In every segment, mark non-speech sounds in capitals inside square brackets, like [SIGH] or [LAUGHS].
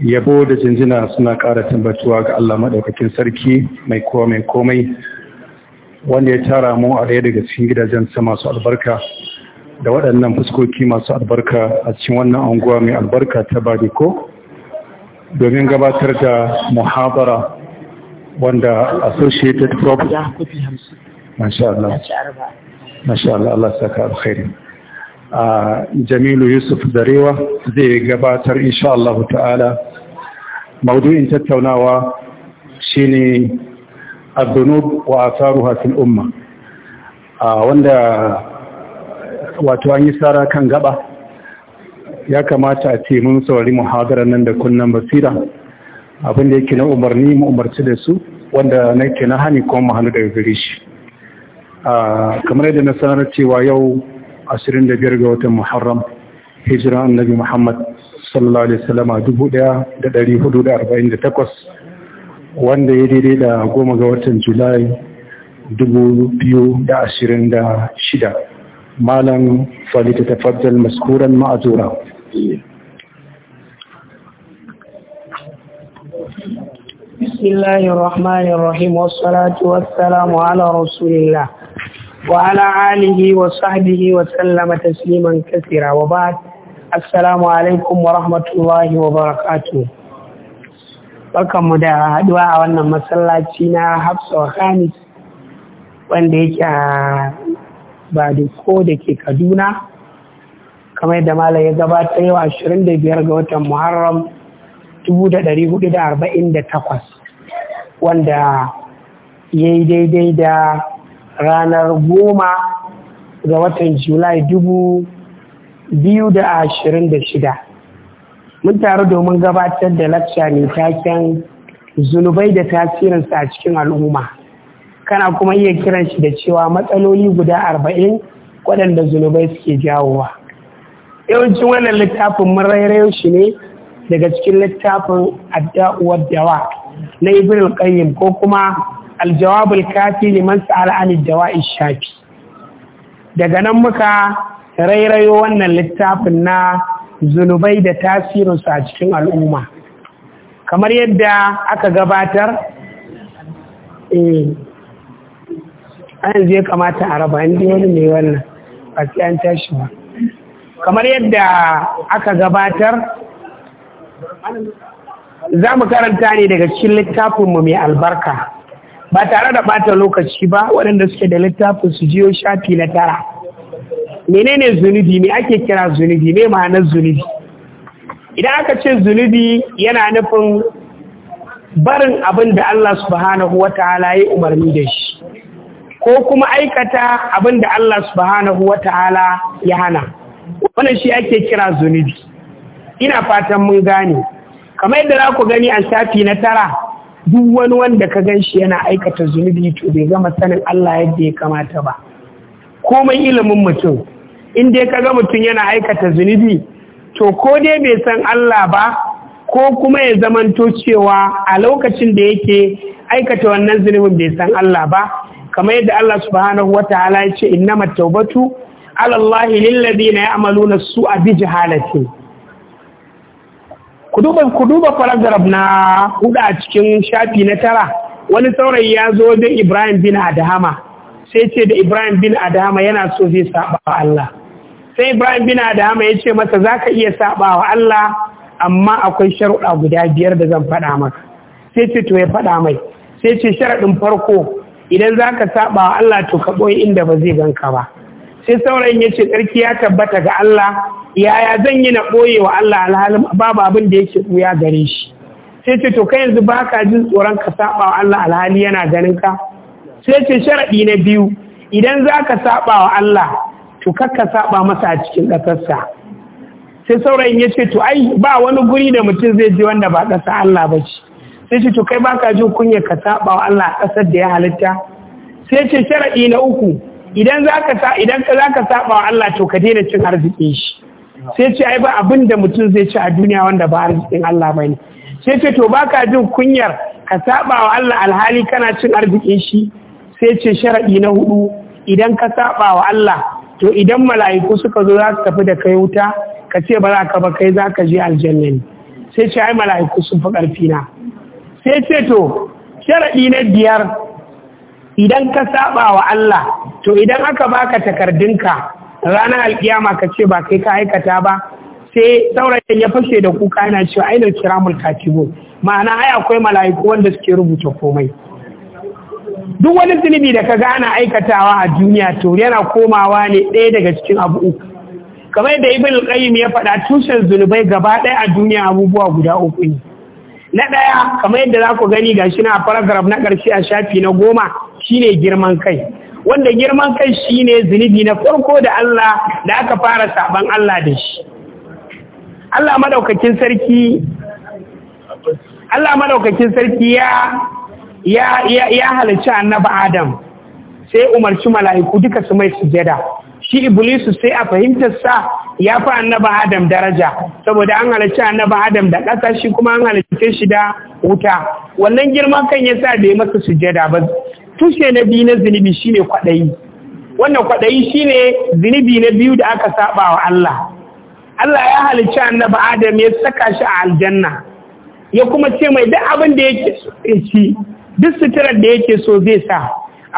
yabo da jinjina suna ƙara tambatuwa ga Allah maɗaukakin sarki mai kowa mai komai wanda ya tara mu a ɗaya daga cikin gidajen sama masu albarka da waɗannan fuskoki masu albarka a cikin wannan anguwa mai albarka ta badiko domin gabatar da muhabara wanda associated prop masha Allah masha Allah Allah saka alkhairi Jamilu Yusuf Darewa zai gabatar insha Allah ta'ala maudu'in tattaunawa shine ad-dunub wa atharuha hasil umma wanda wato an yi tsara kan gaba ya kamata a ce mun saurari muhadarar nan da kunnan basira abinda yake na umarni mu umarci da su wanda na ke na hani kuma mu daga gare shi kamar yadda na sanar cewa yau ashirin da biyar ga watan muharram hijira annabi muhammad sallallahu alaihi wasallama dubu ɗaya da ɗari hudu da arba'in da takwas wanda ya daidai da goma ga watan julai dubu biyu da ashirin da shida malam falita tafaddal maskuran ma'azura بسم الله الرحمن الرحيم والصلاة والسلام على رسول الله وعلى آله وصحبه وسلم تسليما كثيرا وبعد السلام عليكم ورحمة الله وبركاته barkanmu da haɗuwa a wannan masallaci na hafsa wa khamis wanda yake a badiko da ke kaduna kamar da malam ya gabata yau 25 ga watan muharram 1448 wanda ya yi daidai da ranar goma ga watan julai dubu biyu da ashirin da shida mun taru domin gabatar da lakca mai taken zunubai da tasirinsa a cikin al'umma kana kuma iya kiran shi da cewa matsaloli guda arba'in waɗanda zunubai suke jawowa yawancin wannan littafin mun rairayo shi ne daga cikin littafin adda'uwar dawa na ibril qayyim ko kuma aljawabul kafi liman sa'ala an dawa'i shafi daga nan muka rairayo wannan littafin na zunubai da tasirinsu a cikin al'umma kamar yadda aka gabatar eh an je kamata a raba inda wani mai wannan a sai an tashi ba kamar yadda aka gabatar za mu karanta ne daga cikin littafinmu mai albarka ba tare da bata lokaci ba waɗanda suke da littafin su jiyo shafi na tara menene zunubi me ake kira zunubi me ma'anar zunubi idan aka ce zunubi yana nufin barin abin da Allah subhanahu wa ta'ala ya umarni da shi ko kuma aikata abin da Allah subhanahu wa ta'ala ya hana wannan shi ake kira zunubi ina fatan mun gane kamar yadda za ku gani a shafi na tara duk wani wanda ka gan shi yana aikata zunubi to bai gama sanin Allah yadda ya kamata ba komai ilimin mutum in dai ka ga mutum yana aikata zunubi to ko dai bai san Allah ba ko kuma ya zamanto cewa a lokacin da yake aikata wannan zunubin bai san Allah ba kamar yadda Allah subhanahu wataala ya ce innamat Alallahi ala ya amalu na ya'maluna su'a bi jahalatin ku duba ku duba na hudu a cikin shafi na tara wani saurayi ya zo da Ibrahim bin Adama sai ce da Ibrahim bin Adama yana so zai saba Allah sai Ibrahim bin Adama ya ce masa za ka iya saba wa Allah amma akwai sharuɗa guda biyar da zan faɗa maka sai ce to ya faɗa mai sai ce sharaɗin farko idan zaka saba wa Allah to ka boye inda ba zai ganka ba sai saurayin ya ce tsarki ya tabbata ga Allah yaya zan yi na ɓoye wa Allah alhalin babu abin da yake ɓuya gare shi sai ce to kai yanzu ba ka jin tsoron ka saba wa Allah alhali yana ganin ka sai ce sharaɗi na biyu idan za ka saba wa Allah to kakka saba masa a cikin ƙasarsa sai saurayin ya ce to ai ba wani guri da mutum zai je wanda ba ƙasa Allah ba ce sai ce to kai ba ka jin kunya ka saba wa Allah a ƙasar da ya halitta sai ce sharaɗi na uku idan ka sa idan ka ka saba wa Allah to ka daina cin arzikin shi sai ce ai ba abin da mutum zai ci a duniya wanda ba arzikin Allah ne. sai ce to baka jin kunyar ka saba wa Allah alhali kana cin arzikin shi sai ce sharadi na hudu idan ka saba wa Allah to idan mala'iku suka zo za su tafi da kai wuta ka ce ba za ka ba kai za ka je aljanna ne sai ce ai mala'iku sun fi ƙarfi na sai ce to sharaɗi na biyar idan ka saba wa Allah to idan aka baka takardunka ranar alkiyama ka ce ba kai ka aikata ba sai saurayin ya fashe da kuka yana cewa ainihin kiramul katibu ma'ana ai akwai mala'iku wanda suke rubuta komai duk wani zunubi da ka gana aikatawa a duniya to yana komawa ne ɗaya daga cikin abu uku kamar da ibn qayyim ya faɗa tushen zunubai gaba ɗaya a duniya abubuwa guda uku ne na ɗaya kamar yadda za ku gani gashi na paragraph na ƙarshe a shafi na goma shine girman kai wanda girman kai shi ne zunubi na farko da Allah da aka fara saban Allah da shi Allah madaukakin sarki Allah madaukakin sarki ya ya ya, ya halicci annabi Adam sai umarci mala'iku duka su mai sujada shi iblisu sai a fahimtar sa ya fi annabi Adam daraja saboda an halicci annabi Adam da ƙasa shi kuma an halicce shi da wuta wannan girman kan yasa bai masa sujada ba tushe na biyu na zunubi shine kwaɗayi wannan kwaɗayi shine zunubi na biyu da aka saba wa Allah Allah ya halicci annabi Adam ya saka shi a aljanna ya kuma ce mai duk abin da yake so ci duk suturar da yake so zai sa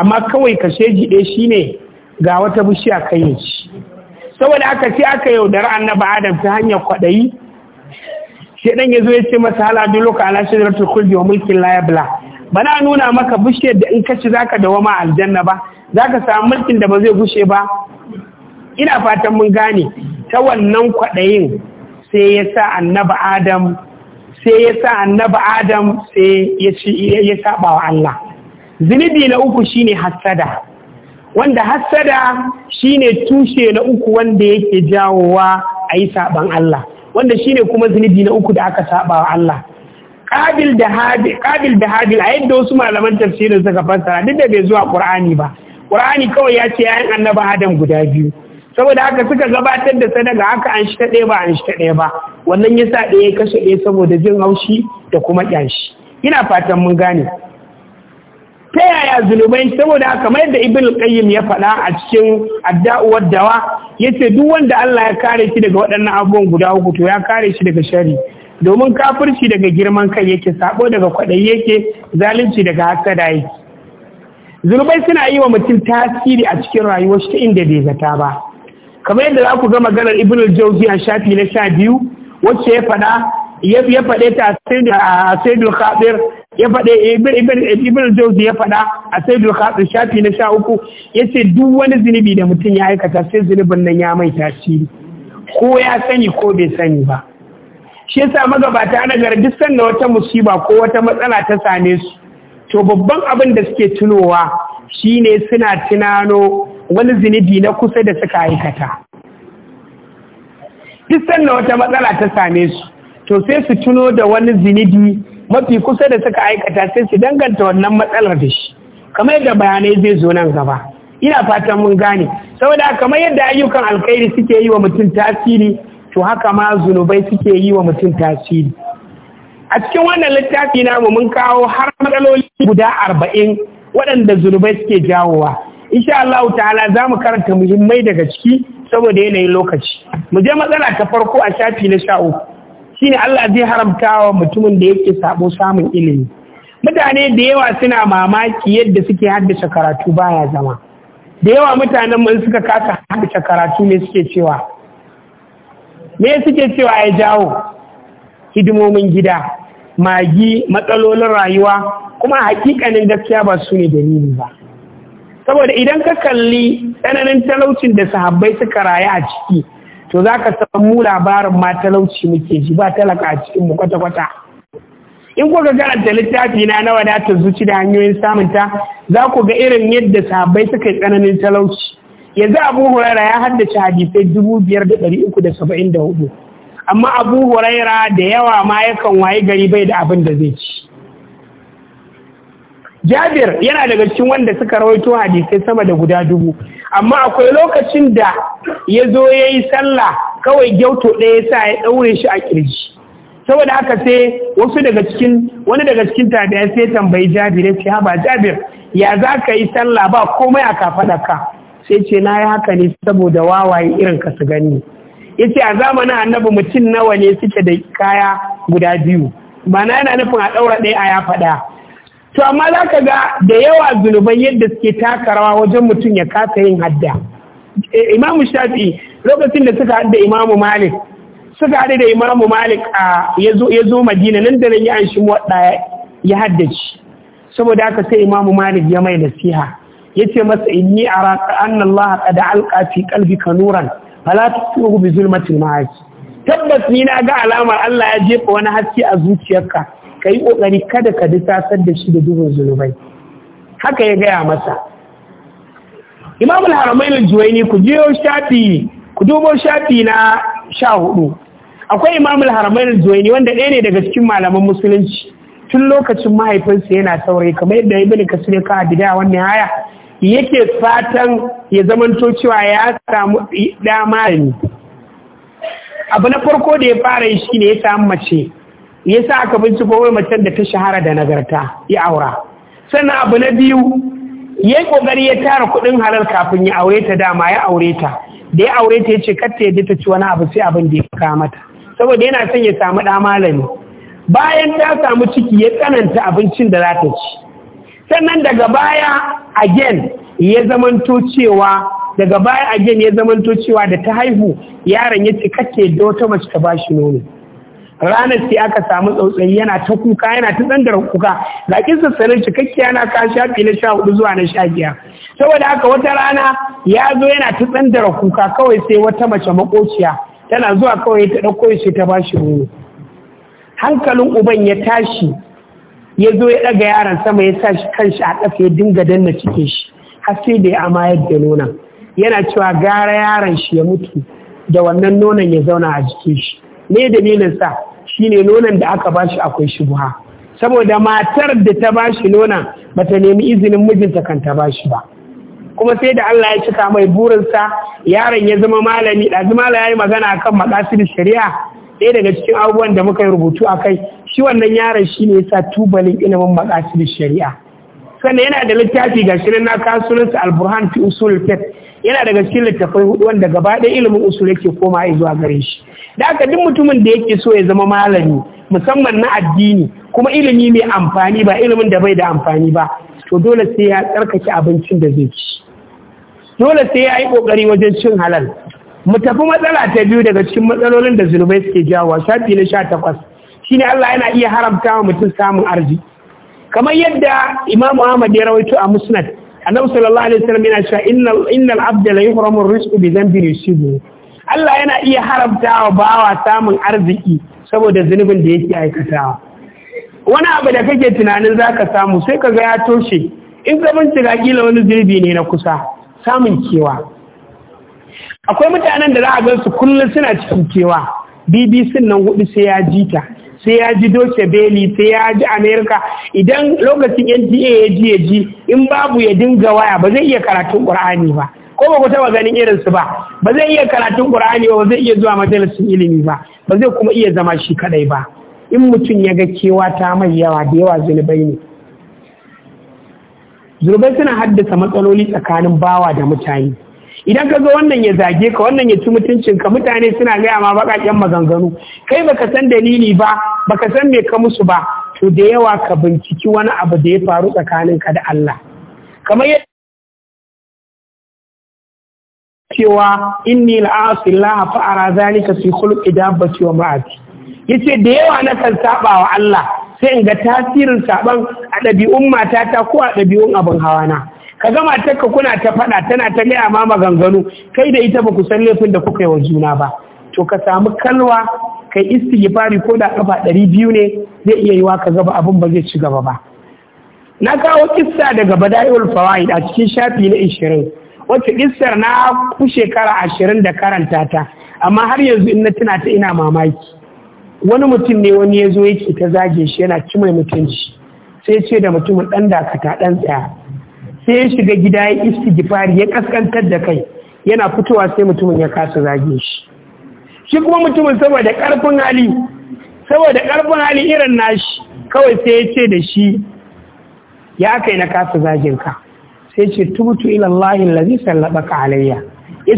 amma kawai kashe jiɗe shine ga wata bishiya kai shi saboda aka ce aka yaudara annabi Adam ta hanyar kwaɗayi shedan ya zo ya ce masa haladu lokacin ala shajaratul khuldi wa mulkin la ba na nuna maka bishiyar da in ka ci zaka dawama aljanna ba Za ka samu mulkin da ba zai gushe ba ina fatan mun gane ta wannan kwaɗayin sai ya sa annaba adam sai ya sa annaba adam sai ya saba wa Allah zunubi na uku shine hassada wanda hassada shine tushe na uku wanda yake jawowa a yi saban Allah wanda shine kuma zunubi na uku da aka saba wa Allah Kabil da habil qabil da habil a yadda wasu malaman tafsirin suka fassara duk da bai zuwa qur'ani ba qur'ani kawai ya ce yayin annabi adam guda biyu saboda haka suka gabatar da sadaka haka an shi ta ɗaya ba an shi ta ɗaya ba wannan yasa ɗaya ya kashe ɗaya saboda jin haushi da kuma ƙyanshi ina fatan mun gane ta yaya zunubai saboda haka mai da ibn qayyim ya faɗa a cikin adda'uwar dawa yace duk wanda Allah ya kare shi daga waɗannan abubuwan guda uku to ya kare shi daga shari domin kafirci daga girman kai yake sabo daga kwaɗayi yake zalunci daga hasada yake zulubai suna yi wa mutum tasiri a cikin rayuwar shi ta inda bai zata ba kamar yadda za ku ga maganar ibn al-jawzi a shafi na sha wacce ya fada, ya fade ta a saidul khabir ya fade ibn jauzi ya fada, a saidul khabir shafi na sha uku ya duk wani zunubi da mutum ya aikata sai zunubin nan ya mai tasiri ko ya sani ko bai sani ba shi yasa magabata na gari duk sanda wata musiba ko wata matsala ta same su to babban abin da suke tunowa shine suna tunano wani zunubi na kusa da suka aikata duk sanda wata matsala ta same su to sai su tuno da wani zinidi mafi kusa da suka aikata sai su danganta wannan matsalar da shi kamar yadda bayanai zai zo nan gaba ina fatan mun gane saboda kamar yadda ayyukan alkhairi suke yi wa mutum tasiri to haka ma zunubai suke yi wa mutum tasiri a cikin wannan littafi namu mun kawo har matsaloli guda arba'in waɗanda zunubai suke jawowa insha Allah ta'ala za mu karanta muhimmai daga ciki saboda yanayin lokaci mu je matsala ta farko a shafi na sha uku shine Allah zai haramta wa mutumin da yake sabo samun ilimi mutane da yawa suna mamaki yadda suke haddace karatu baya zama da yawa mutanen mun suka kasa haddace karatu ne suke cewa me suke cewa ya jawo hidimomin gida magi matsalolin rayuwa kuma hakikanin gaskiya ba su ne dalili ba saboda idan ka kalli tsananin talaucin da sahabbai suka raya a ciki to za ka samu labarin ma talauci muke ji ba talaka a cikin kwata-kwata in kuka karanta littafi na na wadatar zuci da hanyoyin samunta za ku ga irin yadda sahabbai suka yi tsananin talauci yanzu abu huraira ya haddace hadisai dubu biyar da ɗari uku da saba'in da hudu amma abu huraira da yawa ma yakan waye gari bai da abin da zai ci jabir yana daga cikin wanda suka rawaito hadisai sama da guda dubu amma akwai lokacin da ya zo ya yi sallah kawai gyauto ɗaya sa ya ɗaure shi a kirji saboda haka sai wasu daga cikin wani daga cikin tabiya sai tambayi jabir ya ce haba jabir ya za ka yi sallah ba komai a kafaɗarka sai ce na yi haka ne saboda wawaye irin ka su gani ya ce a zamanin annabi mutum nawa ne suke da kaya guda biyu ba na yana nufin a ɗaura ɗaya a ya faɗa to amma za ka ga da yawa zunuban yadda suke taka rawa wajen mutum ya kasa yin hadda e, imamu shafi lokacin da suka hadda imamu malik suka hadu da imamu malik a ya zo madina nan da nan ya an shi ya haddace saboda haka sai imamu malik ya mai nasiha Ya ce masa inni araka anna Allah qad alqa fi ka nuran fala tusrihu bi zulmatil ma'aj tabbas ni na ga alamar Allah ya jefa wani haske a zuciyarka kai kokari kada ka disasar da shi da duhun zunubai haka ya gaya masa Imam al-Haramain al-Juwayni ku je shafi ku dubo shafi na 14 akwai Imam al-Haramain al-Juwayni wanda ɗaya ne daga cikin malaman musulunci tun lokacin mahaifinsa yana saurayi kamar yadda ibn kasir ka a wani haya yake fatan ya zamanto cewa ya samu dama ne abu na farko da ya fara yi shine ya samu mace ya sa aka binciko kowai macen da ta shahara da nagarta ya aura sannan abu na biyu ya yi kokari ya tara kudin halar kafin ya aure ta dama ya aure ta da ya aure ta ya ce katta yadda ta ci wani abu sai abin da ya fuka mata saboda yana son ya samu ɗa malami bayan ta samu ciki ya tsananta abincin da za ta ci sannan daga baya again ya zamanto cewa daga baya again ya zamanto cewa da ta haihu yaron ya ce kake da wata mace ta bashi nono ranar sai aka samu tsautsayi yana ta kuka yana ta tsandar kuka ga kinsa sanar cikakkiya na ka shafi na sha hudu zuwa na sha biyar saboda haka wata rana ya zo yana ta tsandar kuka kawai sai wata mace makociya tana zuwa kawai ta ɗauko shi ta bashi nono hankalin uban ya tashi ya zo ya ɗaga yaron sama ya sa shi kanshi a ƙasa ya dinga danna cikin shi har sai da ya amayar da nonon yana cewa gara yaron shi ya mutu da wannan nonon ya zauna a jikin shi me dalilin sa shine nonon da aka bashi akwai shubuha saboda matar da ta bashi nonon bata nemi izinin mijinta kan ta bashi ba kuma sai da Allah ya cika mai burinsa yaron ya zama malami ɗazu ya yi magana akan makasidin shari'a ɗaya daga cikin abubuwan da muka yi rubutu a kai shi wannan yaron shi ne yasa tubalin ilimin makasir shari'a sannan yana da littafi ga shirin na kasuwarsa alburhan fi usul fet yana daga cikin littafai hudu wanda gaba ɗaya ilimin usul yake koma zuwa gare shi da haka duk mutumin da yake so ya zama malami musamman na addini kuma ilimi mai amfani ba ilimin da bai da amfani ba to dole sai ya tsarkake abincin da zai ci dole sai ya yi kokari wajen cin halal mu tafi matsala ta biyu daga cikin matsalolin da zunubai suke jawowa shafi na sha takwas shine Allah yana iya haramta wa mutum samun arziki kamar yadda Imam Ahmad ya rawaito a Musnad Annabi sallallahu alaihi wasallam yana cewa innal innal abda la yuhramu rizqu bi dhanbin yusibu Allah yana iya haramta wa bawa samun arziki saboda zunubin da yake aikatawa wani abu da kake tunanin zaka samu sai kaga ya toshe in ka bincika kila wani zunubi ne na kusa samun kewa akwai mutanen da za a su kullum suna cikin kewa bbc nan hudu sai ya ji ta sai ya ji doce beli sai ya ji amerika idan lokacin nta ya ji ya ji in babu ya dinga waya ba zai iya karatun qur'ani ba ko ba ku taba ganin irinsu ba ba zai iya karatun qur'ani ba ba zai iya zuwa majalisin ilimi ba ba zai kuma iya zama shi kadai ba in mutum ya ga kewa ta mai yawa da yawa zunubai ne zunubai suna haddasa matsaloli tsakanin bawa da mutane idan ka zo wannan ya zage ka wannan ya ci mutuncin ka mutane suna gaya ma baƙaƙen maganganu kai baka san dalili ba baka san me ka musu ba to da yawa ka binciki wani abu da ya faru tsakanin ka da Allah kamar cewa inni la'asillah fa ara zalika fi khulqi dabbati wa ma'ati yace da yawa na kan saba wa Allah sai in ga tasirin saban a ɗabi'un matata ko a ɗabi'un abin hawa na. ka gama takka kuna ta faɗa tana ta gaya ma maganganu kai da ita ba ku san laifin da kuka yi wa juna ba to ka samu kalwa kai istighfari ko da kafa ɗari biyu ne zai iya yiwa ka gaba abin ba zai ci gaba ba na kawo kissa daga bada'iul fawaid a cikin shafi na ishirin wacce kissar na ku shekara ashirin da karanta ta amma har yanzu in na tuna ta ina mamaki wani mutum ne wani ya zo yake ta zage shi yana ci mai mutunci sai ce da mutumin ɗan dakata 'dan tsaya sai ya shiga gida ya iski gifari ya kaskantar da kai yana fitowa sai mutumin ya kasa zage shi shi kuma mutumin saboda karfin hali saboda karfin hali irin nashi kawai sai ya ce da shi ya kai na kasa zagin ka sai ce tubutu ila Allah sallaba ka alayya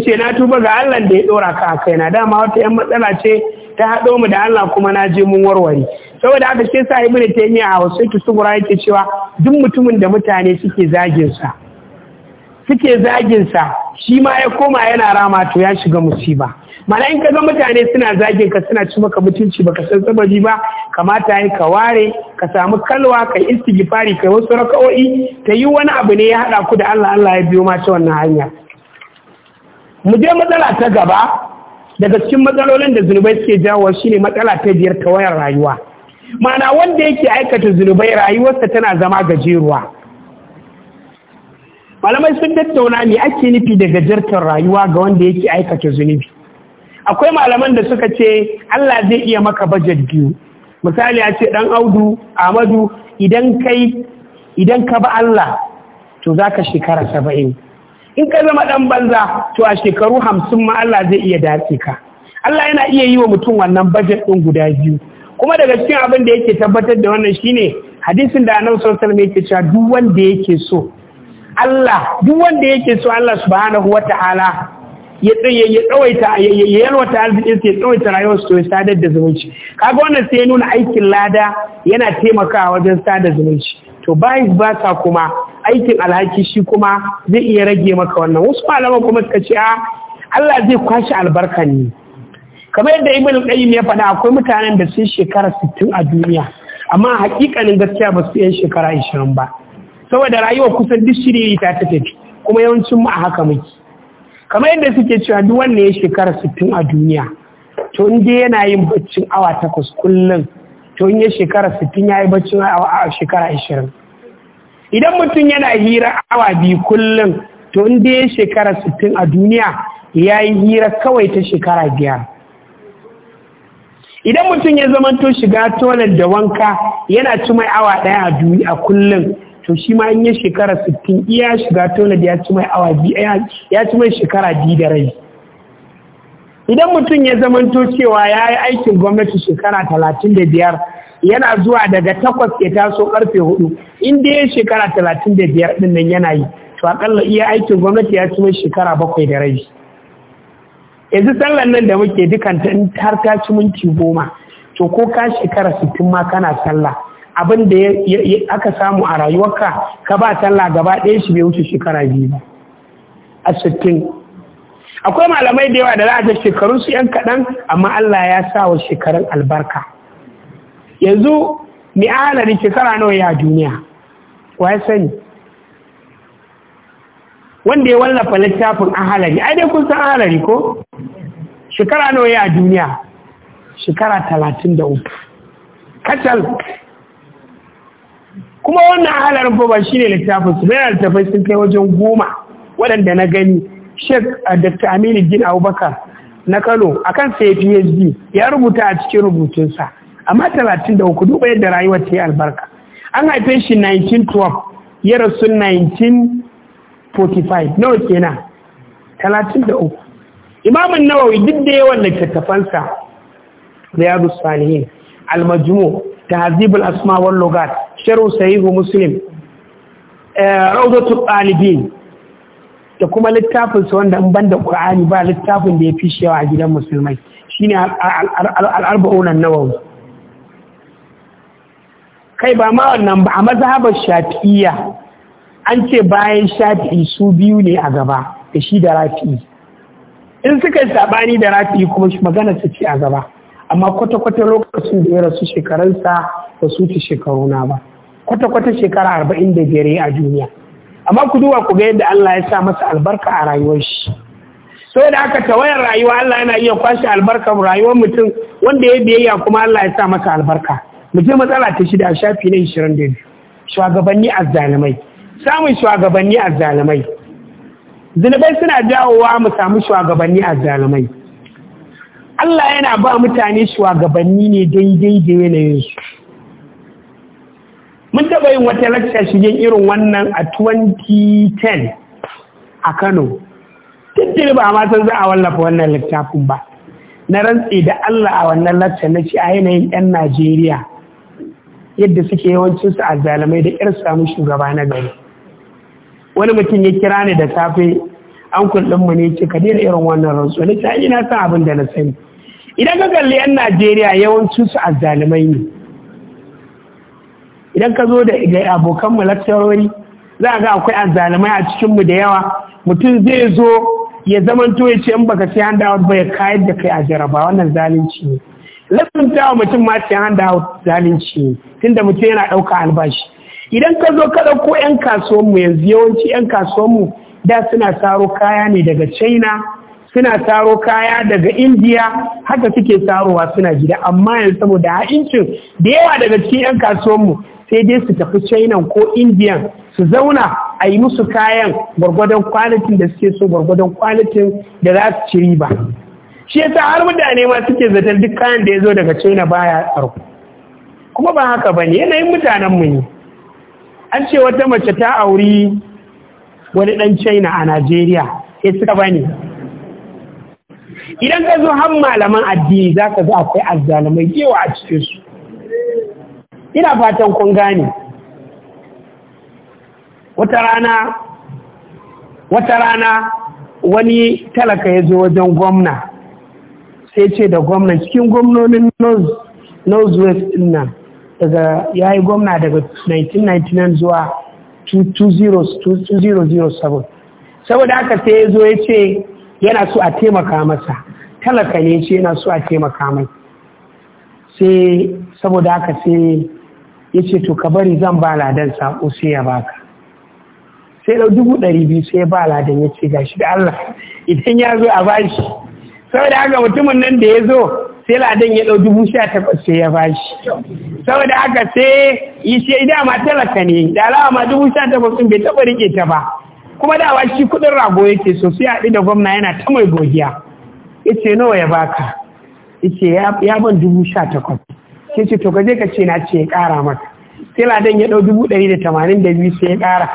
ce na tuba ga Allah da ya ɗora ka a na dama wata yan matsala ce ta haɗo mu da Allah kuma na je mun warware saboda haka shi sa ibnu taymiya a wasu ki sugura yake cewa duk mutumin da mutane suke zagin sa suke zagin sa shi ma ya koma yana rama to ya shiga musiba mana in kaga mutane suna zagin ka suna ci maka mutunci baka san sababi ba kamata yi ka ware ka samu kalwa ka istighfari kai wasu raka'o'i ta yi wani abu ne ya hada ku da Allah Allah ya biyo mata ta wannan hanya mu je matsala ta gaba daga cikin matsalolin da zunubai suke jawo shine matsala ta biyar ta wayar rayuwa mana wanda yake aikata zunubai rayuwarsa tana zama gajeruwa malamai sun tattauna ne ake nufi da gajartar rayuwa ga wanda yake aikata zunubi akwai malaman da suka ce Allah zai iya maka bajet biyu misali a ce dan audu amadu idan kai idan ka ba Allah to za ka shekara saba'in in ka zama dan banza to a shekaru hamsin ma Allah zai iya dace ka Allah yana iya yi wa mutum wannan bajet ɗin guda biyu kuma daga cikin abin da yake tabbatar da wannan shine hadisin da annabi sallallahu alaihi wasallam yake cewa duk wanda yake so Allah duk wanda yake so Allah subhanahu wataala ya ya tsawaita ya yalwata arzikin ya tsawaita rayuwar su ya sadar da zumunci kaga wannan sai ya nuna aikin lada yana taimakawa wajen sada zumunci to bai ba sa kuma aikin alhaki shi kuma zai iya rage maka wannan wasu malaman kuma suka ce a Allah zai kwashi albarkan ne kamar yadda ibn qayyim ya faɗa akwai mutanen da sun shekara 60 a duniya amma hakikanin gaskiya ba su yan shekara 20 ba saboda rayuwa kusan duk shirye ta ta tafi kuma yawancin mu a haka muke kamar yadda suke cewa duk wanda ya shekara 60 a duniya to in dai yana yin baccin awa takwas kullum to in ya shekara 60 ya yi baccin awa shekara 20 idan mutum yana hira awa biyu kullum to in dai ya shekara 60 a duniya ya yi hira kawai ta shekara biyar idan mutum ya zamanto shiga tolar da wanka yana ci mai awa ɗaya a duniya kullum to shi ma in yi shekara sittin iya shiga tolar ya ci mai awa ya ci mai shekara biyu da rai idan mutum ya zamanto cewa ya yi aikin gwamnati shekara talatin yana zuwa daga takwas ya taso karfe hudu inda ya shekara talatin da nan yana yi to akalla iya aikin gwamnati ya ci mai shekara bakwai da rai yanzu sallan nan da muke dukanta in har ta ci minti goma to ko ka shekara sittin ma kana sallah abin da aka samu a rayuwarka ka ba sallah gaba ɗaya shi bai wuce shekara biyu ba a sittin akwai malamai da yawa da za a ta shekarun su yan kaɗan amma Allah ya sa wa shekarun albarka yanzu mi ahalari shekara nawa ya duniya wa ya sani wanda ya wallafa littafin ahalari ai dai kun san ahalari ko shekara nawa ya duniya shekara talatin da uku kacal kuma wannan ahalarin fa ba shine littafin su bayan littafai sun kai wajen goma waɗanda na gani sheik uh, dr aminu gina abubakar na kano akan sai phd ya rubuta a cikin rubutunsa amma talatin da uku duba yadda rayuwar ta yi albarka an haife shi 1912 ya rasu 19 45 nawa kenan 33 imamun nawawi duk da yawan littattafansa riyadu salihin al ta tahzibul asma wal lugat sharh sahih muslim eh, rawdatul talibin da kuma littafin sa wanda in banda qur'ani ba littafin da ya fi shewa a gidan musulmai shine al-arba'un an-nawawi kai ba ma wannan ba a mazhabar shafi'iyya an ce bayan shafi su biyu ne a gaba da shi da rafi in suka yi sabani da rafi kuma magana su ce a gaba amma kwata-kwata lokacin da ya rasu shekarunsa ba su ci shekaruna ba kwata-kwata shekara arba'in da biyar a duniya amma ku duba ku ga yadda Allah ya sa masa albarka a rayuwar shi saboda haka tawayar rayuwa Allah yana iya kwashe albarkar rayuwar mutum wanda ya biyayya kuma Allah ya sa masa albarka mu je matsala ta shida shafi na 22 shugabanni azzalimai samun shugabanni a zalimai zunubai suna jawowa mu samu shugabanni a zalimai Allah yana ba mutane shugabanni ne daidai da yanayinsu mun taɓa yin wata lakta shigen irin wannan a 2010 a kano tuntun ba ma san za a wallafa wannan littafin ba na rantse da Allah a wannan lakta na ci a yanayin 'yan Najeriya yadda suke yawancinsu a zalamai da 'yar samu shugaba na gari. wani mutum ya kira ni da safe an kullum mu ne ce ka daina irin wannan rantsu. ne ta ina san abin da na sani idan ka kalli yan Najeriya yawancin su azzalumai ne idan ka zo da abokan mu lakcarori za ga akwai azzalumai a cikin mu da yawa mutum zai zo ya zamanto ya ce in baka sai handout ba ya kayar da kai a jaraba wannan zalunci ne lafin wa mutum ma sai handout zalunci ne tunda mutum yana ɗauka albashi idan ka zo ka ɗauko 'yan kasuwanmu yanzu yawanci 'yan kasuwanmu da suna saro kaya ne daga china suna saro kaya daga indiya haka suke tarowa suna gida amma yanzu saboda ha'incin da yawa daga cikin 'yan kasuwanmu sai dai su tafi china ko indiyan su zauna a yi musu kayan gwargwadon kwalitin da suke so gwargwadon kwalitin da za su ci riba shi yasa har mutane ma suke zaton duk kayan da ya zo daga china baya tsaro kuma ba haka ba ne yanayin mutanenmu ne an ce wata mace ta auri wani ɗan china a najeriya ya suka bani idan ka zo har malaman addini za ka zo akwai azzalumai yawa a cikinsu ina fatan kun gane wata rana wata rana wani talaka ya zo wajen gwamna sai ce da gwamna cikin gwamnonin northwest nan daga ya yi gwamna daga 1999 zuwa 2007 saboda haka sai ya zo ya ce yana so a taimaka masa talaka ne ce yana so a taimaka mai sai saboda haka sai ya ce to ka bari zan ba ladan sako sai ya baka sai da dubu ɗari biyu sai ba ladan ya ce gashi da Allah idan ya zo a bashi saboda haka mutumin nan da ya zo sai ladan ya ɗau dubu sha takwas sai ya bashi saboda aka sai ishe dama talaka ne da alawa ma dubu sha takwas sun bai taɓa rike ta ba kuma wa shi kuɗin rago yake so sai haɗu da gwamna yana ta mai godiya yace nawa ya baka yace ya ban dubu sha takwas sai ce to gaje ka ce na ce ya ƙara maka sai ladan ya ɗau dubu ɗari da tamanin da biyu sai ya ƙara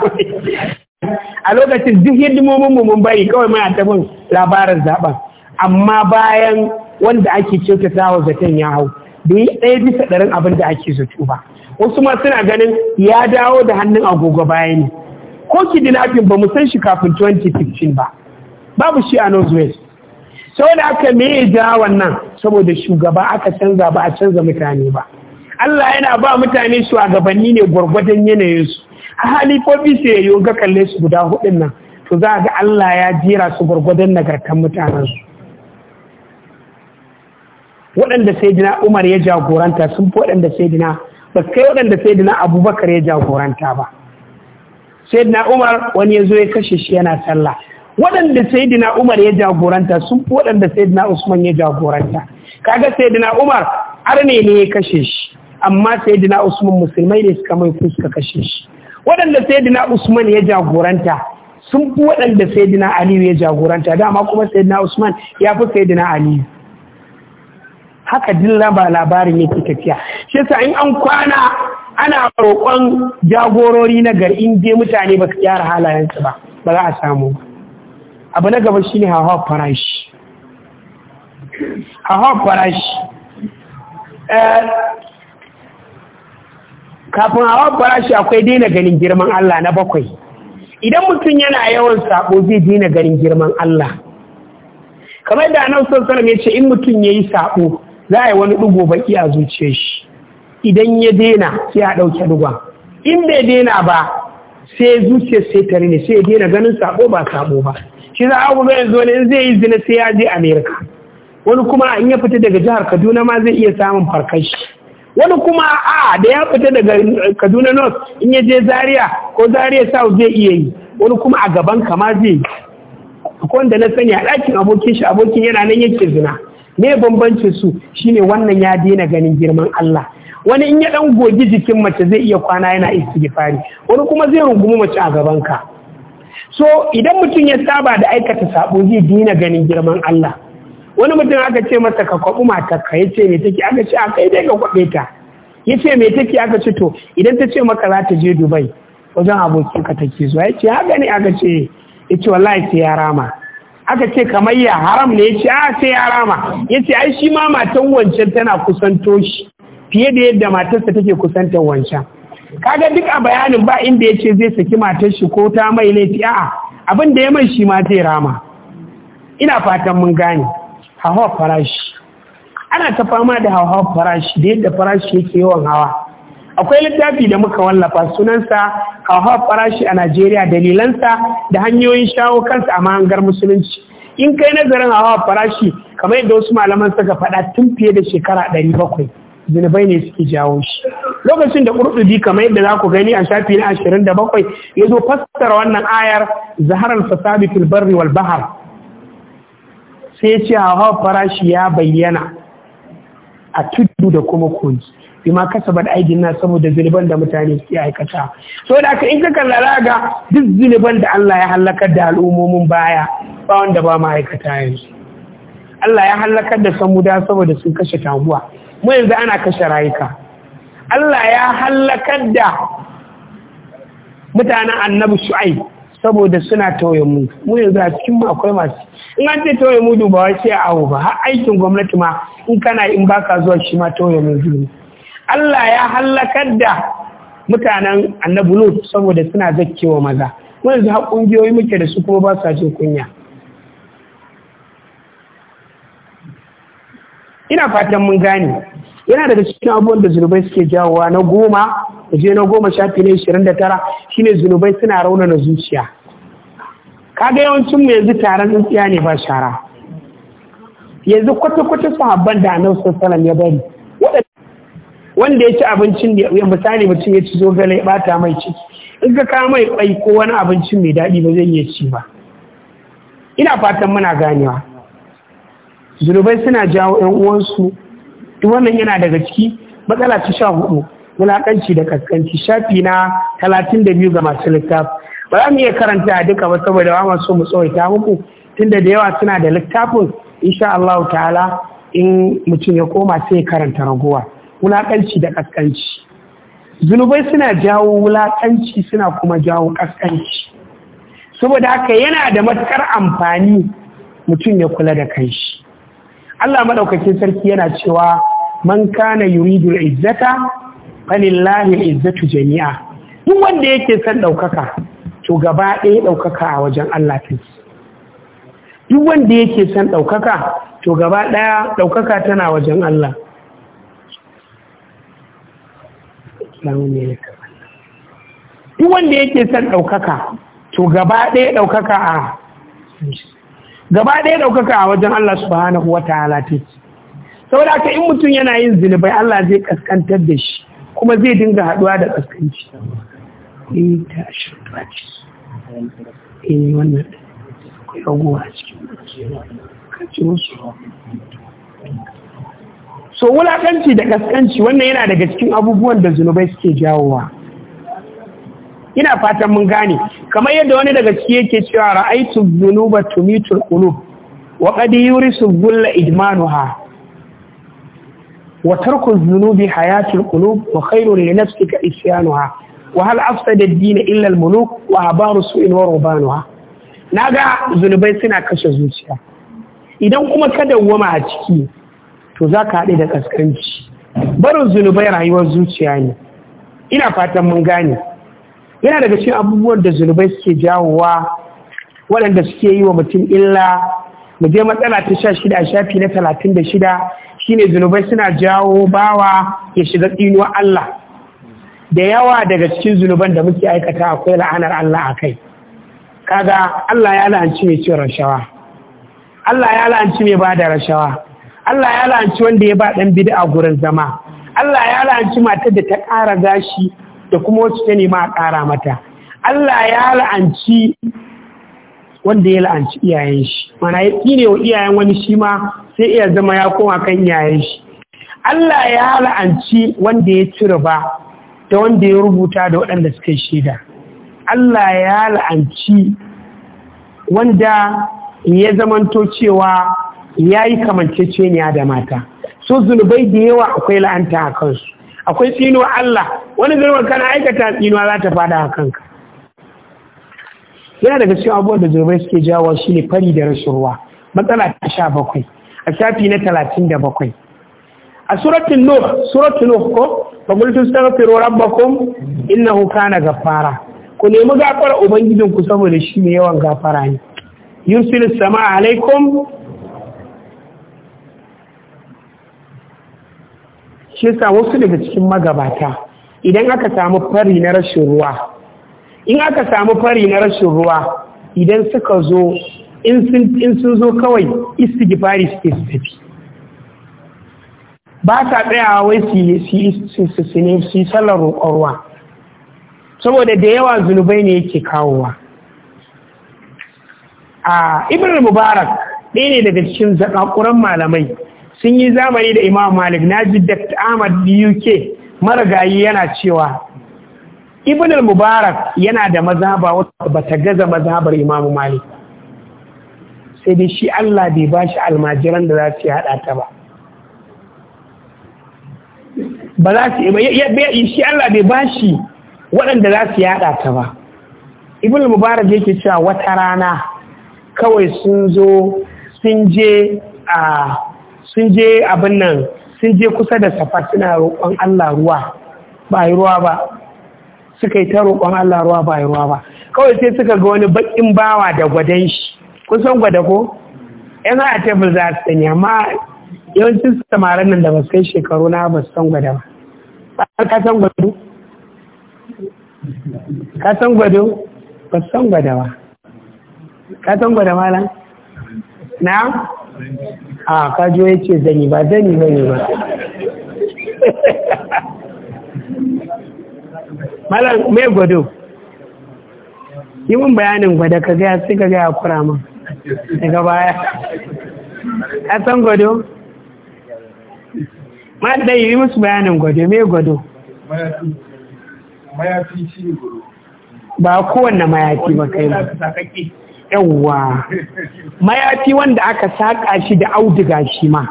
a lokacin duk hidimomin mu mun bari kawai muna ta bin labarin zaɓen amma bayan wanda ake kyautata wa zaton ya hau da yi ɗaya bisa ɗarin abin da ake zato ba wasu ma suna ganin ya dawo da hannun agogo baya ne ko ki kidnapping ba mu san shi kafin 2015 ba babu shi a northwest da aka me ya ja wannan saboda shugaba aka canza ba a canza mutane ba Allah yana ba mutane shugabanni ne gwargwadon yanayinsu a halifofi sai yayo ga kalle su guda hudun nan to za a ga Allah ya jera su gwargwadon nagartan mutanensu waɗanda saidina Umar ya jagoranta sun fi waɗanda saidina ba kai waɗanda saidina Abubakar ya jagoranta ba saidina Umar wani ya zo ya kashe shi yana sallah waɗanda saidina Umar ya jagoranta sun fi waɗanda saidina Usman ya jagoranta kaga saidina Umar arne ne ya kashe shi amma saidina Usman musulmai ne suka mai fuska kashe shi waɗanda saidina Usman ya jagoranta sun fi waɗanda saidina Aliyu ya jagoranta dama kuma saidina Usman ya fi saidina Aliyu haka dilla ba labarin yake tafiya shi yasa in an kwana ana roƙon jagorori na gari in dai mutane ba su gyara halayensu ba ba za a samu abu na gaba shine hawa farashi hawa farashi eh, kafin hawa farashi akwai daina ganin girman Allah na bakwai idan mutum yana yawan sabo zai daina ganin girman Allah kamar da nan son sanar ya ce in mutum ya yi sabo za a yi wani ɗigo baki a zuciyar shi idan ya daina sai a ɗauke in bai daina ba sai zuciya sai tare ne sai ya daina ganin sabo ba sabo ba shi za a gobe yanzu wani in zai yi zina sai ya je amerika wani kuma in ya fita daga jihar kaduna ma zai iya samun farkar shi wani kuma a da ya fita daga kaduna north in ya je zaria ko zaria south zai iya yi wani kuma a gaban kama zai yi wanda na sani a ɗakin abokin shi abokin yana nan yake zina me bambancin su shine wannan ya daina ganin girman Allah wani in ya dan gogi jikin mace zai iya kwana yana istighfari wani kuma zai rungumi mace a gaban ka so idan mutum ya saba da aikata sabo zai dina ganin girman Allah wani mutum aka ce masa ka kwabu matarka ya ce me take aka ce dai ka kwabe ta ya ce me take aka ce to idan ta ce maka za ta je Dubai wajen abokinka take zuwa ya ce haka aka ce ya wallahi sai ya rama aka ce kamar ya haram ne ya ce a ah, sai ya rama ya ce ai shi ma matan wancan tana kusanto shi fiye da yadda matarsa take kusantar wancan kaga duk a bayanin ba inda ya ce zai saki matar shi ko ta mai laifi a'a abin da ya mai shi ma zai rama ina fatan mun gane hawa farashi ana ta fama da hawa farashi da yadda farashi yake yawan hawa akwai littafi da muka wallafa sunansa hauhawar farashi a najeriya dalilansa da hanyoyin shawo kansa a mahangar musulunci in kai nazarin hauhawar farashi kamar yadda wasu malaman suka faɗa tun fiye da shekara ɗari bakwai zunubai ne suke jawo shi lokacin da ƙurɗubi kamar yadda za ku gani a shafi na ashirin da bakwai ya zo fassara wannan ayar zaharar fasabi fil wal bahar sai ya ce hauhawar farashi ya bayyana a tudu da kuma kogi bima kasabat aikin na saboda zunuban da mutane suke aikata so da aka in ka kalla ga duk zunuban da Allah ya halaka da al'ummomin baya ba wanda ba ma aikata yanzu Allah ya halaka da san muda saboda sun kashe taguwa mu yanzu ana kashe rayuka Allah ya halaka da mutanen annabi shu'aib saboda suna tauye mu mu yanzu a cikin mu akwai masu in an ce tauye mu ba wai sai awo ba har aikin gwamnati ma in kana in baka zuwa shi ma tauye mu Allah ya hallakar da mutanen annabi Lut saboda suna zakkewa maza wanda za kungiyoyi muke da su kuma ba sa jin kunya ina fatan mun gane yana daga cikin abubuwan da zunubai suke jawowa na goma je na goma shafi na ishirin da tara shine zunubai suna raunana zuciya kaga yawancin mu yanzu taron tsintsiya ne ba shara yanzu kwata-kwata sahabban da annabi sallallahu ya bari wanda ya ci abincin da ya misali mutum ya ci zogale ya bata mai ciki in ka kawo mai kwai ko wani abincin mai daɗi ba zai iya ci ba ina fatan muna ganewa zunubai suna jawo yan uwansu wannan yana daga ciki matsala ta sha hudu wulakanci da kaskanci shafi na talatin da biyu ga masu littafi ba za mu iya karanta duka ba saboda ba masu mu tsawaita muku tunda da yawa suna da littafin insha Allah ta'ala in mutum ya koma sai ya karanta raguwa wulaƙanci da ƙasƙanci zunubai suna jawo wulaƙanci suna kuma jawo ƙasƙanci saboda haka yana da matukar amfani mutum ya kula da kanshi Allah maɗaukakin sarki yana cewa man kana yuridu izzata falillahi izzatu jami'a duk wanda yake san ɗaukaka to gaba ɗaya ɗaukaka a wajen Allah take duk wanda yake son ɗaukaka to gaba ɗaya ɗaukaka tana wajen Allah duk wanda yake son ɗaukaka to gaba ɗaya ɗaukaka a gaba ɗaya ɗaukaka a wajen Allah subhanahu wa ta'ala ce saboda haka in mutum yana yin zunubai Allah zai kaskantar da shi kuma zai dinga haɗuwa da kaskanci in eh, ta shirka ce in eh, wannan akwai guwa cikin kaci so wulakanci da ƙasƙanci wannan yana daga cikin abubuwan da zunubai suke jawowa ina fatan mun gane kamar yadda wani daga ciki yake cewa ra'aitun zunuba tumitul qulub wa qad yurisu gulla idmanuha wa tarku zunubi hayatul qulub wa khairun li nafsika isyanuha wa hal afsada ad-din illa al-muluk wa abaru su'in wa rubanuha naga zunubai suna kashe zuciya idan kuma ka dawwama a ciki to za ka haɗe da ƙasƙanci barin zunubai rayuwar zuciya ne ina fatan mun gane yana daga cikin abubuwan da zunubai suke jawowa waɗanda suke yi wa mutum illa mu je matsala ta sha shida a shafi na talatin da shida shine zunubai suna jawo bawa ya shiga tsinuwa Allah da yawa daga cikin zunuban da muke aikata akwai la'anar Allah a kai kaga Allah ya la'anci mai cin rashawa Allah ya la'anci mai ba da rashawa Allah ya la'anci wanda ya ba ɗan bid'a gurin zama Allah ya la'anci matar da ta ƙara gashi da kuma wacce ta nema a ƙara mata Allah ya la'anci wanda ya la'anci iyayen shi mana ya tsine wa iyayen wani shi ma sai iya zama ya koma kan iyayen shi Allah ya la'anci wanda ya ci ba, da wanda ya rubuta da waɗanda suka shida. Allah ya la'anci wanda ya zamanto cewa ya yi kamanceceniya da mata su zunubai da yawa akwai la'anta a kansu akwai tsinuwa Allah wani zunubar kana aikata tsinuwa za ta fada a kanka yana daga cikin abubuwan da zunubai suke jawo shi ne fari da rashin ruwa matsala ta sha bakwai a shafi na talatin da bakwai a suratun nuh suratun nuh ko roran sarrafiru Inna innahu na gaffara ku nemi gafara ubangijinku saboda shi ne yawan gafara ne yusuf sama alaikum shi yasa wasu daga cikin magabata idan aka samu fari na rashin ruwa in aka samu fari na rashin ruwa idan suka zo in sun zo kawai istighfari suke su tafi ba sa tsayawa wai su yi sallar roƙon ruwa saboda da yawa zunubai ne yake kawowa a Ibrahim mubarak ɗaya ne daga cikin zakakuran malamai sun yi zamani da imam malik na ji dr ahmad uk marigayi yana cewa ibn al-mubarak yana da ba wata ba ta gaza bar imam malik sai dai shi allah bai ba shi almajiran da za su haɗa ta ba ba za su shi allah bai ba shi waɗanda za su yaɗa ta ba ibn mubarak yake cewa wata rana kawai sun zo sun je a ah, sun je abin nan sun je kusa da safa suna roƙon Allah ruwa ba yi ruwa ba suka yi ta roƙon Allah ruwa ba yi ruwa ba kawai sai suka ga wani baƙin bawa da gwadon shi kusan gwada ko yan a tebul za su sani amma yawancin samarin nan da ba su kai shekaru na ba su san gwada ba ba ka san gwado ka san gwado ba su san gwada ba ka san gwada malam na a kajo ya ce zani ba zani ba ne ba malam mai gwado yi mun bayanin gwada ka gaya sai ka gaya kura ma daga baya ka san gwado ma da yi musu bayanin gwado mai gwado mayafi shi ne gwado ba kowanne mayafi ba kai ba yawwa mayafi wanda aka saƙa shi da auduga shi ma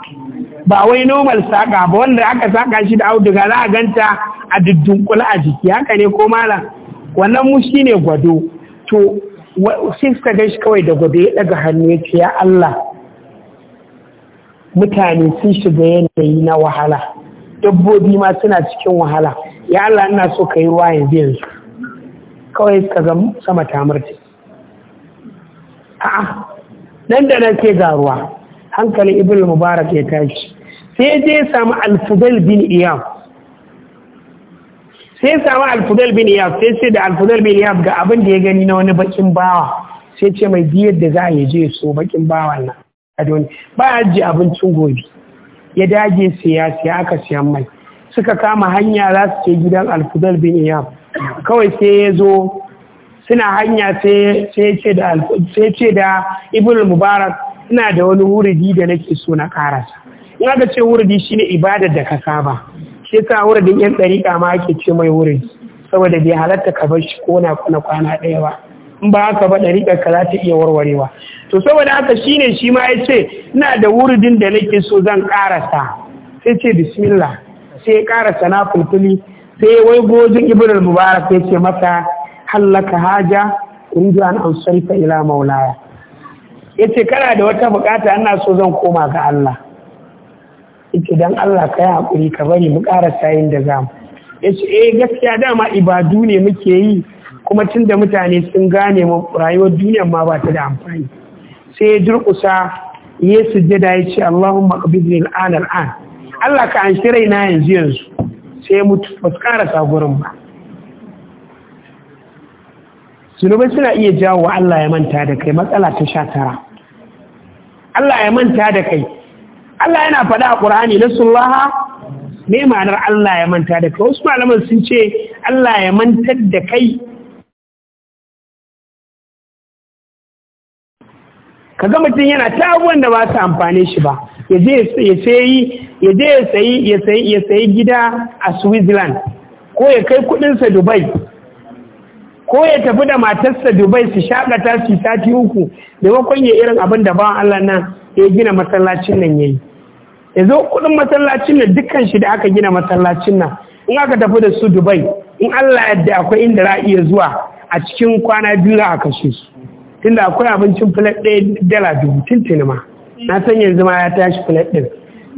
ba wai normal saƙa ba wanda aka saka shi da auduga za a ganta a duddunkula a jiki haka ne ko mala wannan mu shi ne gwado to sai suka shi kawai da gwado ya ɗaga hannu ya ce ya Allah mutane sun shiga yanayi na wahala dabbobi ma suna cikin wahala ya Allah ina so ka yi ruwa yanzu yanzu kawai suka ga sama ta a'a nan da nan sai ga ruwa hankalin ibn mubarak ya tashi sai je ya al-fudail bin iyam sai ya al-fudail bin iyam sai sai da al-fudail bin iyam ga abin da ya gani na wani bakin bawa sai ce mai biyar da za a yi je so bakin bawan nan a doni ba a ji abincin gobe ya dage siya siya aka siyan mai suka kama hanya za su ce gidan al-fudail bin iyam kawai sai ya zo suna hanya sai ce da ibn mubarak suna da wani wuridi da nake so na karasa in da ce wuridi ne ibadar da ka saba shi yasa wuridin yan ɗariƙa ma ake ce mai wuridi saboda bai halatta ka bar shi ko na kwana kwana ɗaya ba in ba haka ba ɗariƙa ka za ta iya warwarewa to saboda haka shi ne shi ma ya ce ina da wuridin da nake so zan karasa sai ce bismillah sai ya karasa na fulfuli sai ya waigo wajen mubarak ya ce masa hallaka haja uridu an ansarifa ila maulaya yace kana da wata bukata ana so zan koma ga Allah yace dan Allah ka yi hakuri ka bari mu ƙara sayin da za mu yace eh gaskiya dama ibadu ne muke yi kuma tunda mutane sun gane mu rayuwar duniyar ma ba ta da amfani sai ya durƙusa ya sujjada ya ce Allahumma qabidni al'an al'an Allah ka an shirai raina yanzu yanzu sai ya mutu ba ƙara gurin ba zunubai suna iya jawo Allah ya manta da kai matsala ta sha tara Allah ya manta da kai Allah yana faɗa a ƙur'ani na sullaha me ma'anar Allah ya manta da kai wasu malaman sun ce Allah ya mantar da kai ka ga mutum yana ta abubuwan da ba su amfane shi ba ya je ya sayi ya sayi gida a Switzerland ko ya kai kuɗinsa Dubai ko ya tafi da matarsa dubai su shaƙata su sati uku da wakon ya irin abin da bawan allah nan ya gina masallacin nan ya yi ya zo kudin masallacin nan dukkan shi da aka gina masallacin nan in aka tafi da su dubai in allah yadda akwai inda za iya zuwa a cikin kwana biyu za a kashe su tunda akwai abincin filet ɗaya dala dubu tuntuni ma na san yanzu ma ya tashi filet ɗin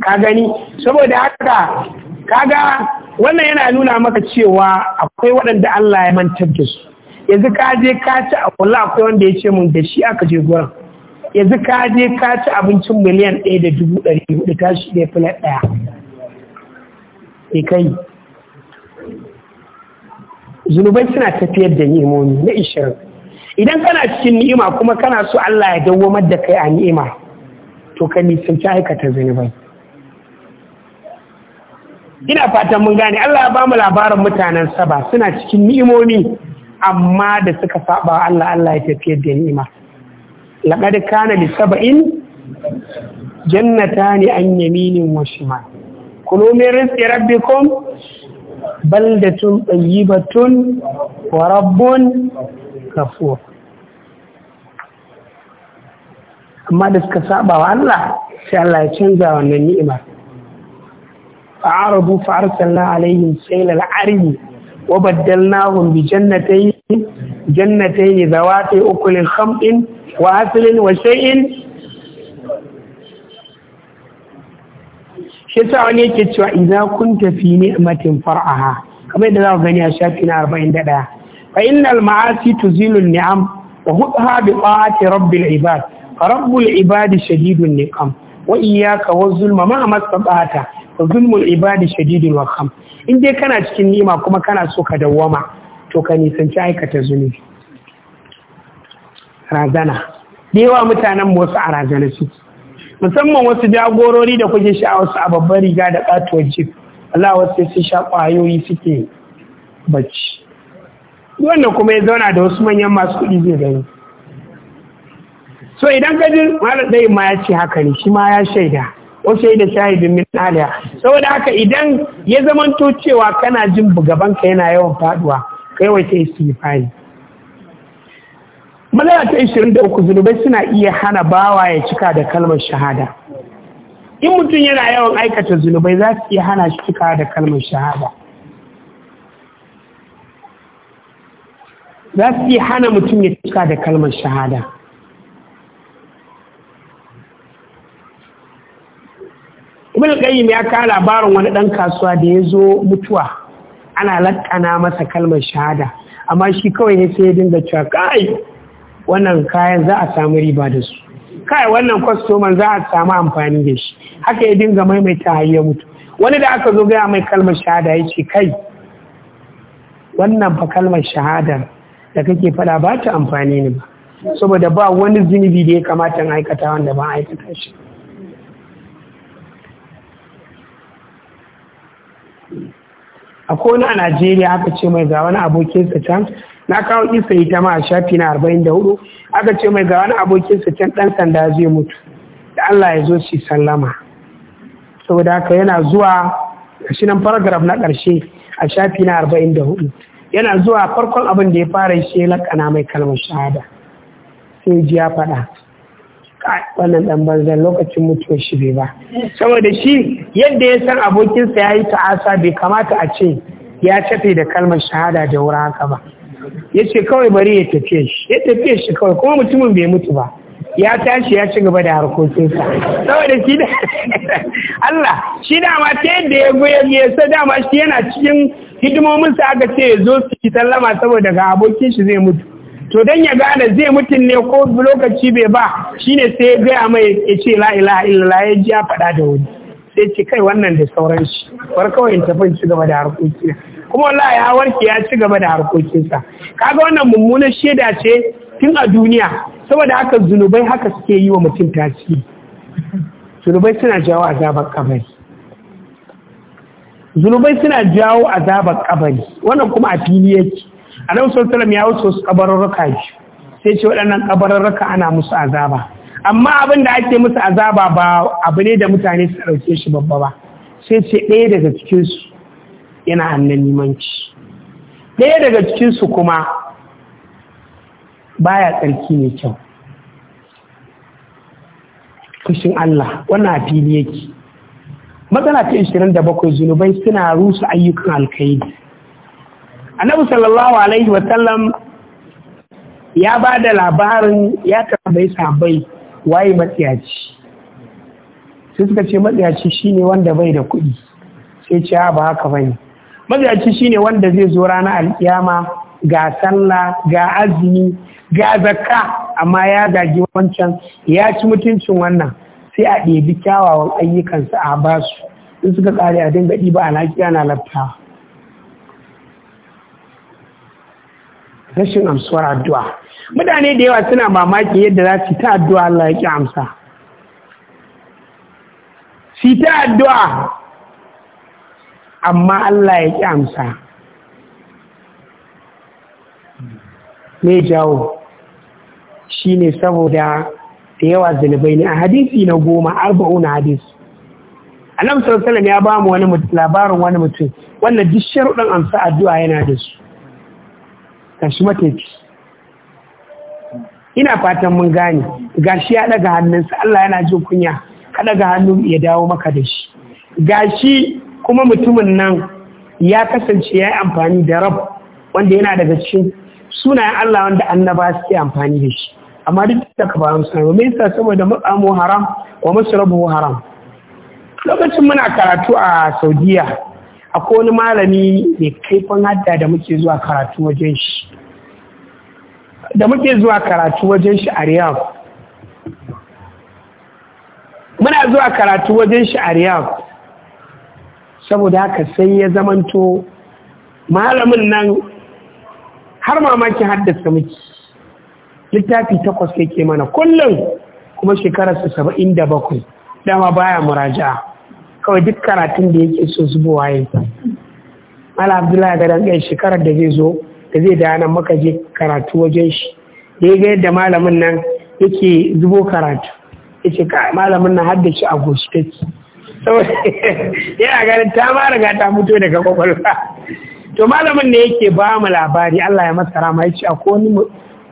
ka gani saboda haka ga wannan yana nuna maka cewa akwai waɗanda allah ya mantar da su yanzu ka je ka ci a kula akwai wanda ya ce mun da shi aka je gurin yanzu ka je ka ci abincin miliyan ɗaya da dubu ɗari hudu tashi ɗaya filet ɗaya eh, kai zunubai suna tafiyar da ni'imomi na ishirin idan kana cikin ni'ima kuma kana so Allah ya dawwamar da kai a ni'ima to ka ta aikata zunubai ina fatan mun gane Allah ya ba labarin mutanen saba suna cikin ni'imomi amma da suka saba Allah Allah ya tafiyar da nima laqad kana li sab'in jannatani an yaminin wa shimal kulu min rizqi rabbikum baldatun tayyibatun wa rabbun kafur amma da suka saba wa Allah sai Allah ya canza wannan ni'imar fa'arabu fa'arsalna alaihim sayla al'ari وبدلناهم بجنتين جنتين ذواتي أكل خمط وأسل وشيء شتا عليك إذا كنت في نعمة فرعها كما يدعى الغنية شاكنا أربعين دادا فإن المعاصي تزيل النعم وخذها بطاعة رب العباد فرب العباد شديد النقم وإياك والظلم مهما استطعت فظلم العباد شديد الوخم in dai kana cikin nima kuma kana so ka dawwama to ka nisanci aikata zunubi razana da yawa mutanen wasu a razana su musamman wasu jagorori da kuke sha wasu a babban riga da katuwar jif Allah wasu sai sha ƙwayoyi suke bacci wanda kuma ya zauna da wasu manyan masu kuɗi zai gani so idan ka ji malam ma ya ce haka ne shi ma ya shaida ko da shahidin min aliya saboda haka idan ya zamanto cewa kana jin bugabanka yana yawan faduwa kai wai ta istighfari Matsala ta 23 zunubai suna iya hana bawa ya cika da kalmar shahada. In mutum yana yawan aikata zunubai za su iya hana shi cika da kalmar shahada. Za su iya hana mutum ya cika da kalmar shahada. ibn qayyim ya kawo labarin wani dan kasuwa da ya zo mutuwa ana lakana masa kalmar shahada amma shi kawai ne sai ya dinga cewa kai wannan kayan za a samu riba da su kai wannan kwastoman za a samu amfani da shi haka ya dinga maimaita hayya mutu wani da aka zo gaya mai kalmar shahada ya kai wannan fa kalmar shahada da kake faɗa ba ta amfani ne ba saboda ba wani zunubi da ya kamata in aikata wanda ba aikata shi A kowane a Najeriya aka ce mai ga wani abokinsa can na kawo kisa ita ma a shafi na arba'in da hudu aka ce mai ga wani abokinsa can ɗan sanda zai mutu da Allah ya zo shi sallama saboda haka yana zuwa shi nan paragraph na karshe a shafi na arba'in da hudu yana zuwa farkon abin da ya fara shi lakana mai kalmar shahada sai ji ya faɗa wannan dan banzan lokacin mutuwar shi bai ba saboda shi yadda ya san abokinsa ya yi ta'asa bai kamata a ce ya tafi da kalmar shahada da wurin haka ba ya ce kawai bari ya tafiye shi ya tafiye shi kawai kuma mutumin bai mutu ba ya tashi ya ci gaba da harkokinsa saboda shi da [LAUGHS] Allah shi dama ta yadda ya goya ya sa dama shi yana cikin hidimomin hidimominsa aka ce ya zo su sallama saboda ga abokin shi zai mutu to don ya gane zai mutum ne ko lokaci bai ba shine sai ya gaya mai ya ce la ilaha illallah ya ji ya faɗa da wani sai ce kai wannan da sauran shi bar kawai in tafi ci gaba da harkoki kuma wallahi ya warke ya ci gaba da harkokinsa kaga wannan mummunan shaida ce tun a duniya saboda haka zunubai haka suke yi wa mutum tasiri zunubai suna jawo azabar kabari zunubai kabari wannan kuma a fili yake annabi sallallahu ya wuce wasu kabarurruka ji sai ce waɗannan kabarurruka ana musu azaba amma abin da ake musu azaba ba abu ne da mutane su ɗauke shi babba ba sai ce ɗaya daga cikinsu yana hannun limanci ɗaya daga cikinsu kuma baya tsarki mai kyau fushin Allah wannan fili yake matsala ta 27 zunubai suna rusa ayyukan alkhairi annabi sallallahu alaihi wasallam ya ba da labarin ya tambayi sabai waye matsiyaci sai suka ce matsiyaci shine wanda bai da kuɗi sai ce ba haka bane matsiyaci shine wanda zai zo rana alkiyama ga sallah ga azumi ga zakka amma ya gagi wancan ya ci mutuncin wannan sai a ɗebi kyawawan ayyukansa a basu in suka ƙare a dinga ɗiba a lafiya na lafta rashin amsuwar addu'a mutane da yawa suna mamaki yadda za su ta addu'a Allah ya ƙi amsa su ta addu'a amma Allah ya ƙi amsa me jawo shi ne saboda da yawa zunubai ne a hadisi na goma arba'una hadisi alamsar salam ya ba mu wani labarin wani mutum wannan duk sharuɗin amsa addu'a yana da su gashi mataici ina fatan mun gane gashi ya daga hannunsa Allah yana jin kunya ka daga hannun ya dawo maka da shi gashi kuma mutumin nan ya kasance ya yi amfani da rab wanda yana daga cikin sunayen Allah wanda annaba suke amfani da shi amma duk da ka bayan sunan me yasa saboda matsamu haram wa masrabu haram lokacin muna karatu a Saudiya akwai wani malami mai kaifin hadda da muke zuwa karatu wajen shi da muke zuwa karatu wajen shi a riyab muna zuwa karatu wajen shi a riyab saboda haka sai ya zamanto malamin nan har mamakin haddasa muke littafi takwas yake mana kullum kuma shekararsa saba'in dama baya muraja'a kawai duk karatun da yake so zubowa ya yi mala abdullahi ga dan shekarar da zai zo da zai da nan maka je karatu wajen shi da ya ga yadda malamin nan yake zubo karatu ya ce malamin nan hadda shi a goshi take saboda yana ganin ta ma riga ta mutu daga kwakwalwa to malamin ne yake ba mu labari Allah ya masa rama ya ci a wani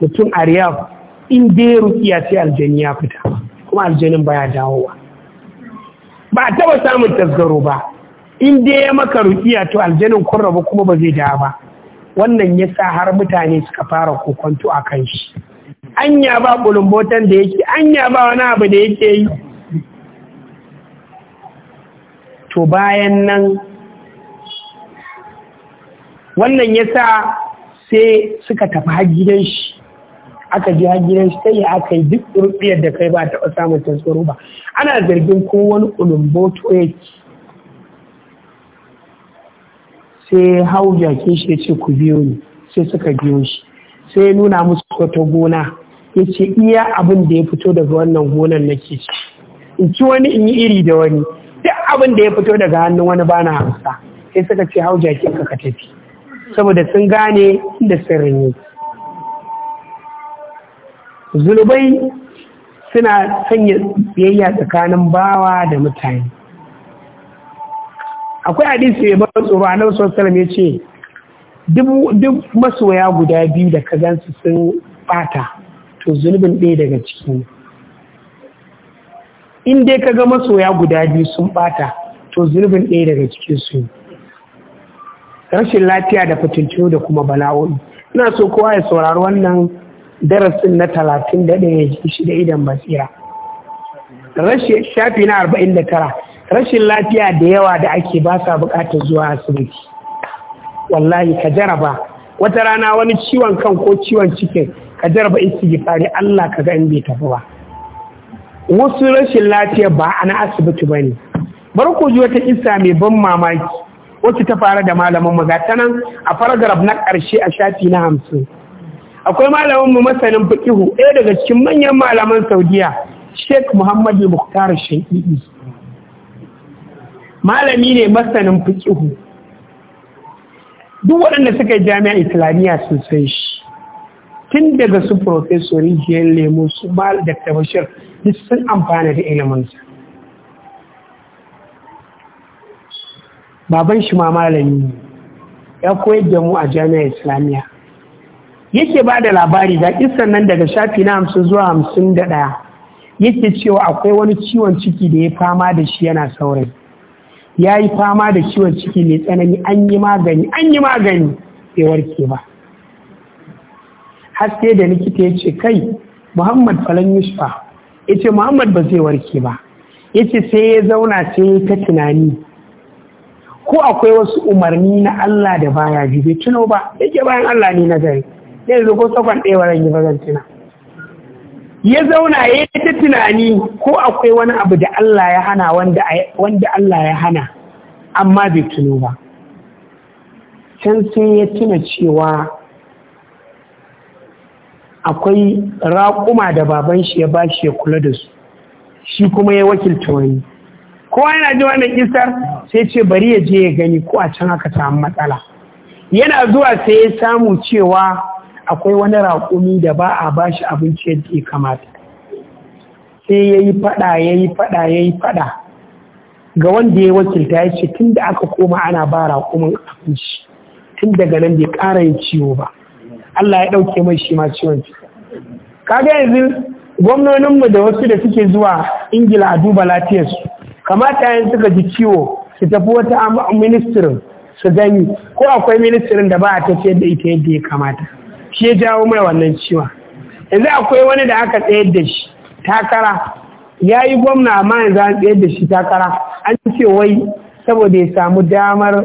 mutum a riyab in dai rukiya sai aljani ya fita kuma aljanin baya dawowa ba a taba samun tasgaro ba in dai ya maka rukiya to aljanin kun kuma ba zai dawa ba wannan ya sa har mutane suka fara kokonto a kan shi anya ba bulumbotan da yake anya ba wani abu da yake yi to bayan nan wannan ya sa sai suka tafi har gidan shi aka ji har gidan shi ta iya aka yi duk rubiyar da kai ba taɓa samun tasgaro ba ana zargin ko wani to yake sai hau jakin shi ya ce ku biyo ni sai suka biyo shi sai ya nuna musu wata gona ya ce iya abin da ya fito daga wannan gonan nake ci in ci wani in yi iri da wani duk abin da ya fito daga hannun wani bana hamsa sai suka ce hau jakin ka tafi saboda sun gane inda sirrin ne zunubai suna sanya biyayya tsakanin bawa da mutane akwai hadisi mai ban tsoro a nan sosai ya ce duk masoya guda biyu da ka gansu sun bata to zunubin ɗaya daga cikin in dai ka ga masoya guda biyu sun bata to zunubin ɗaya daga cikin su rashin lafiya da fitincin da kuma bala'o'i ina so kowa ya saurari wannan darasin na talatin da ɗaya ji shi da idan basira rashin shafi na arba'in da tara rashin lafiya da yawa da ake ba sa buƙatar zuwa asibiti wallahi ka jaraba wata rana wani ciwon kan ko ciwon cikin ka jaraba fari, Allah ka ga in bai tafi ba wasu rashin lafiya ba a na asibiti ba ne bar ji wata isa mai ban mamaki wacce ta fara da malamin maza ta nan a paragraf na ƙarshe a shafi na hamsin akwai malamin mu masanin fiqihu ɗaya daga cikin manyan malaman Saudiya Sheikh Muhammad Mukhtar Shafi'i malami ne masanin fiqihu duk waɗanda suka yi jami'a islamiyya sun san shi tun daga su professor rijiyar lemo su mal da tabashir duk sun amfana da sa baban shi ma malami ne ya koyar da mu a jami'a islamiyya yake ba da labari ga kisan nan daga shafi na hamsin zuwa hamsin da ɗaya yake cewa akwai wani ciwon ciki da ya fama da shi yana saurayi ya yi fama da ciwon ciki mai tsanani an yi magani an yi magani bai warke ba haske da likita ya ce kai muhammad falon yusufa ya ce muhammad ba zai warke ba ya ce sai ya zauna sai ya ta tunani ko akwai wasu umarni na allah da baya ji bai tuno ba yake bayan allah ne na gari sai zo ko ɗaya ran yi bazantina ya zauna ya yi ta tunani ko akwai wani abu da Allah ya hana wanda Allah ya hana amma bai tuno ba can sai ya tuna cewa akwai raƙuma da baban shi ya ba shi ya kula da su shi kuma ya wakilta wani kowa yana ji wannan isar sai ce bari ya je ya gani ko a can aka samu matsala yana zuwa sai ya samu cewa akwai wani raƙumi da ba a ba shi abinci yadda ya kamata sai ya yi faɗa ya yi faɗa ya yi faɗa ga wanda ya wakilta ya ce tun da aka koma ana ba raƙumin abinci tun daga nan bai ƙara yin ciwo ba Allah ya ɗauke mai shi ma ciwon ciki kaga yanzu gwamnoninmu da wasu da suke zuwa ingila a duba lafiyarsu kamata yin suka ji ciwo su tafi wata ministirin su gani ko akwai ministirin da ba a tafiyar da ita yadda ya kamata shi ya jawo mai wannan ciwon yanzu akwai wani da aka tsayar da shi takara ya yi gwamna amma yanzu an tsayar da shi takara an ce wai saboda ya samu damar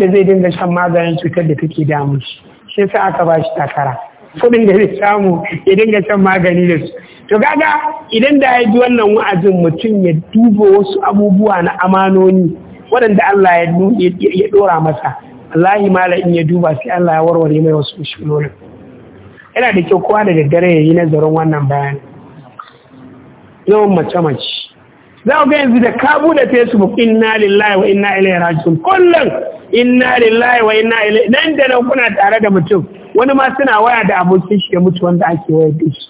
da zai dinga shan maganin cutar da take damun shi shi sa aka ba shi takara kudin da zai samu ya dinga shan magani da su to gaga idan da ya ji wannan wa'azin mutum ya duba wasu abubuwa na amanoni waɗanda Allah ya ɗora masa wallahi mala in ya duba sai Allah ya warware mai wasu shulolin yana da kyau kowa da daddare ya yi nazarin wannan bayan yawan mace-mace za ku ga yanzu da ka da facebook inna lillahi wa inna ilaihi rajiun kullum inna lillahi wa inna ilaihi nan da nan kuna tare da mutum wani ma suna waya da abokin shi ya mutu wanda ake waya da shi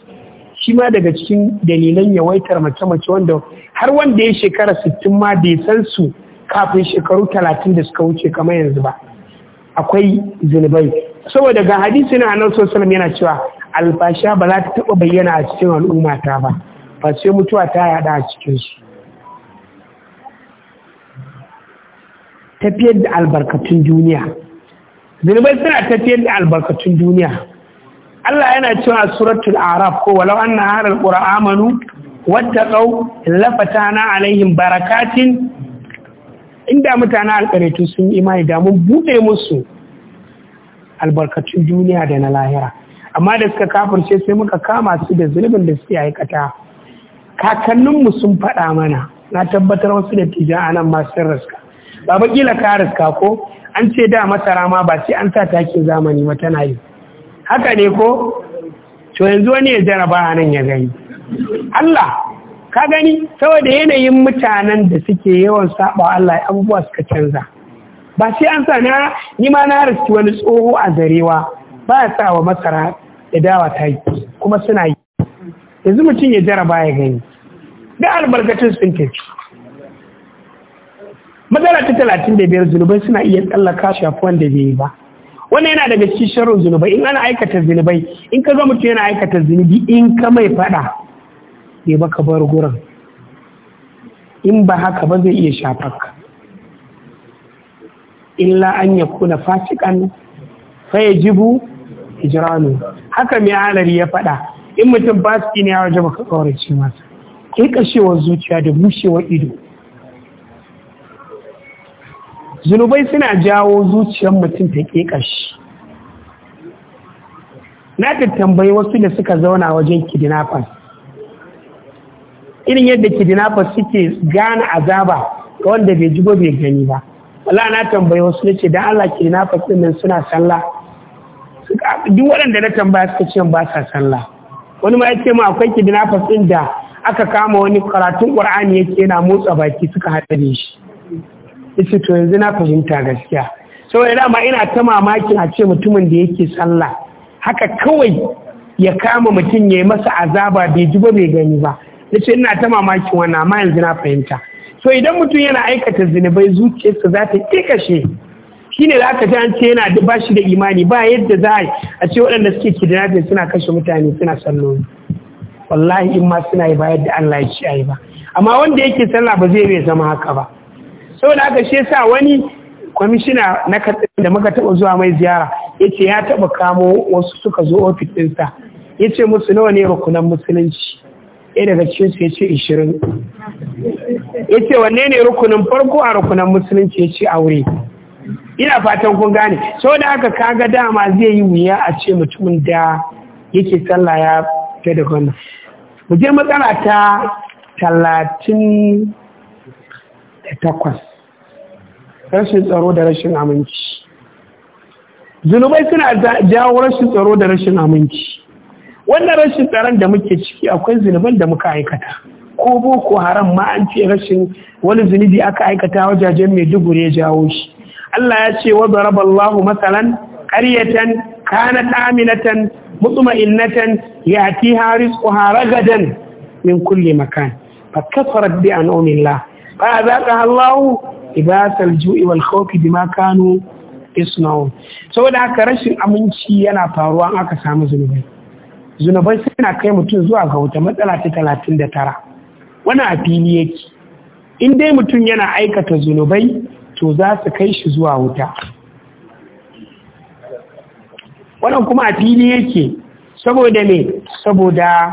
shi ma daga cikin dalilan yawaitar mace-mace wanda har wanda ya shekara sittin ma bai san su kafin shekaru talatin da suka wuce kamar yanzu ba akwai zunubai saboda ga hadisi na annabi sallallahu yana cewa alfasha ba za ta taba bayyana a cikin al'umma ta ba fa sai mutuwa ta yada a cikin su tafiyar da albarkatun duniya zunubai suna tafiyar da albarkatun duniya Allah yana cewa suratul araf ko walau anna ahlul qur'amanu wattaqau lafatana alaihim barakatin inda mutane alƙaraitu sun imani da mun buɗe musu albarkacin duniya da na lahira amma da suka kafirce sai muka kama su da zunubin da suke aikata kakanninmu sun faɗa mana na tabbatar wasu da tijan a nan masu raska ba bakila ka raska ko an ce da masara ma ba sai an sa takin zamani ba tana yi haka ne ko to yanzu wani ya jaraba a nan ya gani Allah ka gani saboda yanayin mutanen da suke yawan saba Allah abubuwa suka canza ba sai an sa ni ma na rasu wani tsoho a zarewa ba ya sa wa masara da dawa ta yi kuma suna yi yanzu mutum ya jaraba ya gani da albarkatun sun tafi matsala ta talatin da biyar zunubai suna iya tsallaka shafi wanda bai yi ba wannan yana daga cikin sharon zunubai in ana aikata zunubai in ka ga mutum yana aikata zunubi in ka mai faɗa ya baka bar gurin in ba haka ba zai iya shafarka illa an ya kuna fasikan faya jibu hijiranu haka mai alari ya faɗa in mutum su ne ya waje baka kaurace masa ke kashewar zuciya da bushewar ido zunubai suna jawo zuciyar mutum ta ƙeƙashi na tambayi wasu da suka zauna wajen kidnappers irin yadda kidnappers suke gane azaba ga wanda bai ji bai gani ba Allah na tambaye wasu ce dan Allah kidnappers din nan suna sallah duk waɗanda na tambaya suka ce ba sa sallah wani ma ce ma akwai kidnappers din da aka kama wani karatun Qur'ani yake yana motsa baki suka haɗe shi yace to yanzu na fahimta gaskiya saboda dama ina ta mamakin a ce mutumin da yake sallah haka kawai ya kama mutum ya yi masa azaba bai ji ba bai gani ba na ce ina ta mamakin wannan amma yanzu na fahimta so idan mutum yana aikata zinubai zuciyarsa za ta Shi shine za aka ji an ce yana ba shi da imani ba yadda za a ce waɗanda suke kidnapping suna kashe mutane suna salloli wallahi in ma suna yi ba yadda Allah ya ci ayi ba amma wanda yake sallah ba zai bai zama haka ba saboda haka shi yasa wani kwamishina na katsin da muka taba zuwa mai ziyara yace ya taba kamo wasu suka zo ofis ɗinsa ya ce musu nawa ne rukunan musulunci ɗaya daga cikin su ya ce ishirin ya ce wanne ne rukunin farko a rukunan musulunci ya ce aure ina fatan kun gane sau da aka kaga dama zai yi wuya a ce mutumin da yake tsalla ya fi da wannan mu je matsala ta talatin da takwas rashin tsaro da rashin aminci zunubai suna jawo rashin tsaro da rashin aminci wannan rashin tsaron da muke ciki akwai zunuban da muka aikata ko boko haram ma an ce rashin wani zunubi aka aikata wajajen mai dubu ya jawo shi Allah ya ce wa daraballahu masalan qaryatan kanat aminatan mutma'innatan yatiha rizquha ragadan min kulli makan fakafarat bi an'amillah fa azaqaha Allah ibasal ju'i wal khawfi bima kanu yasna'un saboda haka rashin aminci yana faruwa aka samu zunubai zunubai suna kai mutum zuwa ga wuta matsala ta talatin da tara wani a fili yake in dai mutum yana aikata zunubai to za su kai shi zuwa wuta wannan kuma a fili yake saboda ne saboda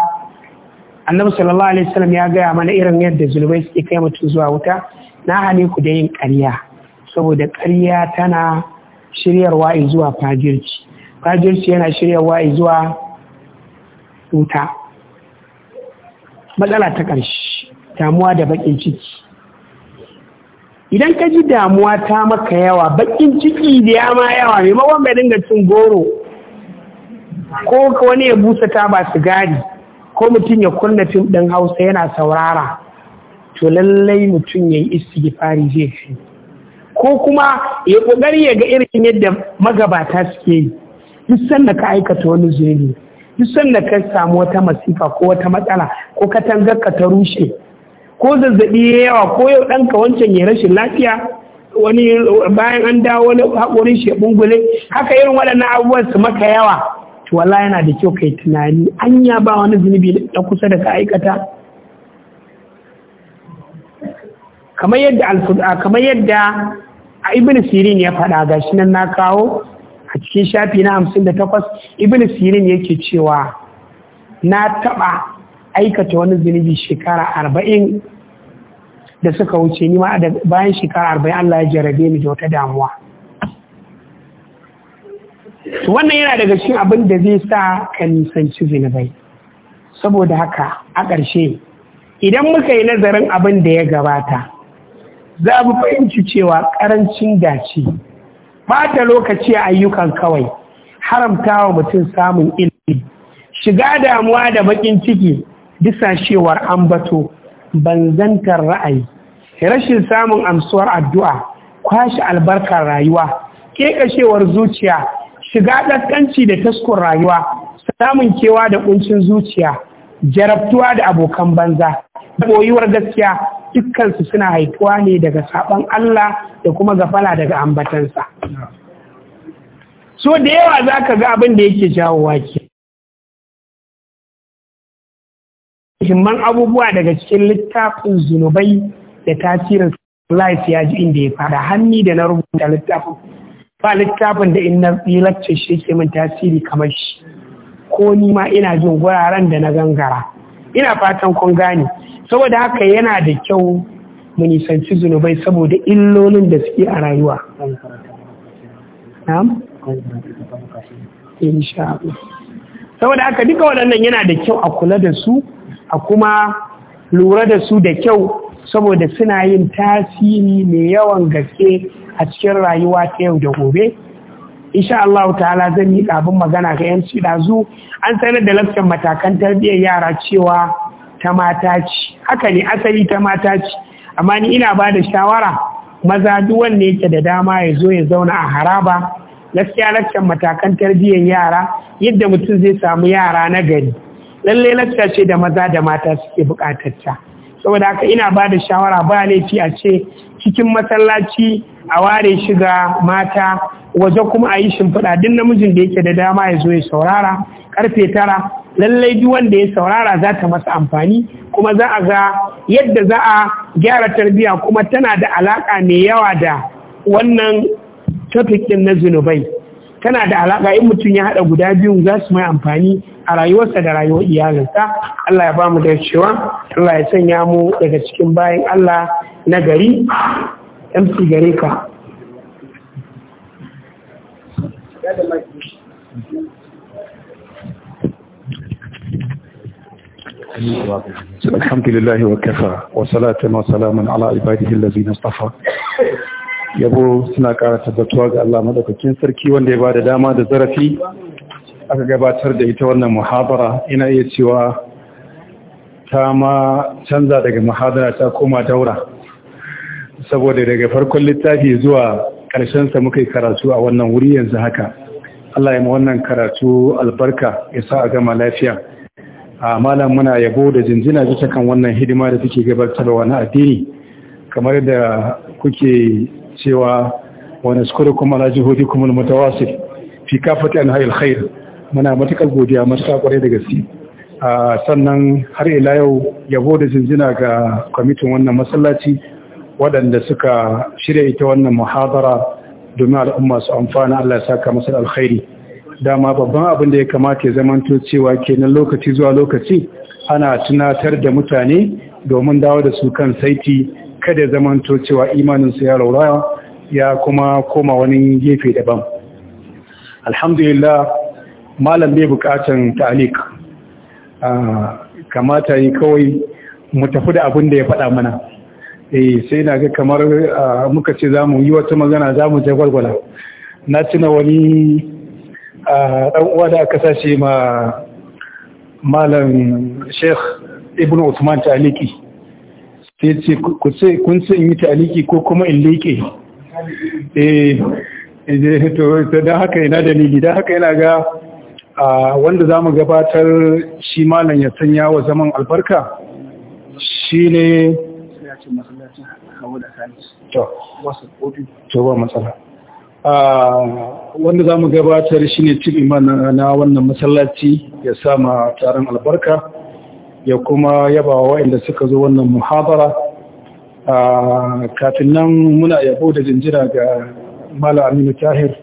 annabi sallallahu alaihi wasallam ya gaya mana irin yadda zunubai suke kai mutum zuwa wuta na hane ku da yin karya, saboda karya tana shiryarwa zuwa fajirci fajirci yana shiryarwa zuwa tsuta matsala ta ƙarshe damuwa da baƙin ciki idan ka ji damuwa ta maka yawa baƙin ciki da ya ma yawa maimakon bai dinga cin goro ko wani ya busa ta ba sigari ko mutum ya kunna fim ɗin hausa yana saurara to lallai mutum ya yi istighfari zai fi ko kuma ya ƙoƙari ya ga irin yadda magabata suke yi duk sanda ka aikata wani zunubi duk da ka samu wata masifa ko wata matsala ko katangar ka ta rushe ko zazzabi ya yawa ko yau ɗanka wancan ya rashin lafiya wani bayan an dawo wani haƙorin shi bungule haka irin waɗannan abubuwan su maka yawa to wala yana da kyau kai tunani anya ba wani zunubi na kusa da ka aikata kamar yadda kamar a ibn sirin ya faɗa shi nan na kawo a cikin shafi na hamsin da takwas ibn sirin yake cewa na taɓa aikata wani zunubi shekara arba'in da suka wuce nima ma bayan shekara arba'in Allah ya jarabe ni da wata damuwa wannan yana daga cikin abin da zai sa ka nisanci zunubai saboda haka a ƙarshe idan muka yi nazarin abin da ya gabata za mu fahimci cewa ƙarancin dace bata lokaci a ayyukan kawai haramta wa mutum samun ilimi shiga damuwa da bakin ciki disashewar ambato banzantar ra'ayi rashin samun amsuwar addu'a kwashe albarkar rayuwa ƙeƙashewar zuciya shiga ɗaskanci da taskun rayuwa samun kewa da ƙuncin zuciya jarabtuwa da abokan banza da boyuwar gaskiya dukkansu suna haituwa ne daga saɓon Allah da kuma gafala daga ambatansa. So da yawa za ka ga abin da yake jawo wake Muhimman abubuwa daga cikin littafin zunubai da tasirin life ya ji inda ya fara hannu da na rubuta littafin. Ba littafin da in na shi ke min tasiri kamar shi. Ko ni ma ina jin guraren da na gangara. Ina fatan kun gane. saboda haka yana da kyau mu nisanci zunubai saboda illolin da suke a rayuwa saboda haka duka waɗannan yana da kyau a kula da su a kuma lura da su da kyau saboda suna yin tasiri mai yawan gaske a cikin rayuwa ta yau da gobe insha Allah ta'ala zan yi abin magana ga yanci Dazu, an sanar da lafiyar matakan tarbiyyar yara cewa ta mata ce haka ne asali ta mata ce amma ni ina ba da shawara maza duk wanda yake da dama ya zo ya zauna a haraba gaskiya laccan matakan tarbiyyar yara yadda mutum zai samu yara na gari lalle lacca ce da maza da mata suke bukatacca saboda haka ina ba da shawara ba laifi a ce cikin masallaci a ware shiga mata waje kuma a yi shimfiɗa duk namijin da yake da dama ya zo ya saurara karfe tara lallai duk wanda ya saurara za ta masa amfani kuma za a ga yadda za a gyara tarbiya kuma tana da alaƙa mai yawa da wannan topic din na zunubai tana da alaƙa in mutum ya haɗa guda biyun za su mai amfani a rayuwarsa da rayuwar iyalinsa Allah ya ba mu da cewa Allah ya sanya mu daga cikin bayan Allah na gari MC gare ka. الحمد لله وكفى وصلاة وسلام على عباده الذين اصطفى yabo suna ƙara tabbatuwa ga Allah madaukakin sarki wanda ya bada dama da zarafi aka gabatar da ita wannan muhabara ina iya cewa ta ma canza daga muhabara ta koma daura saboda daga farkon littafi zuwa ƙarshensa muka yi karatu a wannan wuri yanzu haka Allah ya ma wannan karatu albarka ya sa a gama lafiya a malam muna yabo da jinjina bisa kan wannan hidima da suke gabatarwa na addini kamar da kuke cewa wani skuru kuma na jihohi kuma mutawasir fi kafata an hayar khair muna matukar godiya matuƙa kwarai da gaske sannan har ila yau yabo da jinjina ga kwamitin wannan masallaci waɗanda suka shirya ita wannan muhabara domin al'umma su amfana Allah ya saka masa alkhairi dama babban abin da ya kamata ya zamanto cewa kenan lokaci zuwa lokaci ana tunatar da mutane domin dawo da su kan saiti kada zamanto cewa imaninsu ya raura ya kuma koma wani gefe daban alhamdulillah malam bai bukatan ta'alik ah, kamata yi kawai mu tafi da abin da ya faɗa mana eh sai na ga kamar ah, muka ce za mu yi wata magana za mu je gwalgwala na tuna wani A ɗan uwa da aka sace ma malam sheikh ibn Usman taliki sai ce ku ce kun ce in yi taliki ko kuma in leke eh, eh to don haka yana dalili don haka yana ga wanda za mu gabatar shi malam ya sanya wa zaman albarka shi ne to ba matsala wanda za mu gabatar shi ne cin iman na wannan masallaci ya sama taron albarka ya kuma yaba waɗanda suka zo wannan muhabara kafin nan muna yabo da jinjira ga mala aminu tahir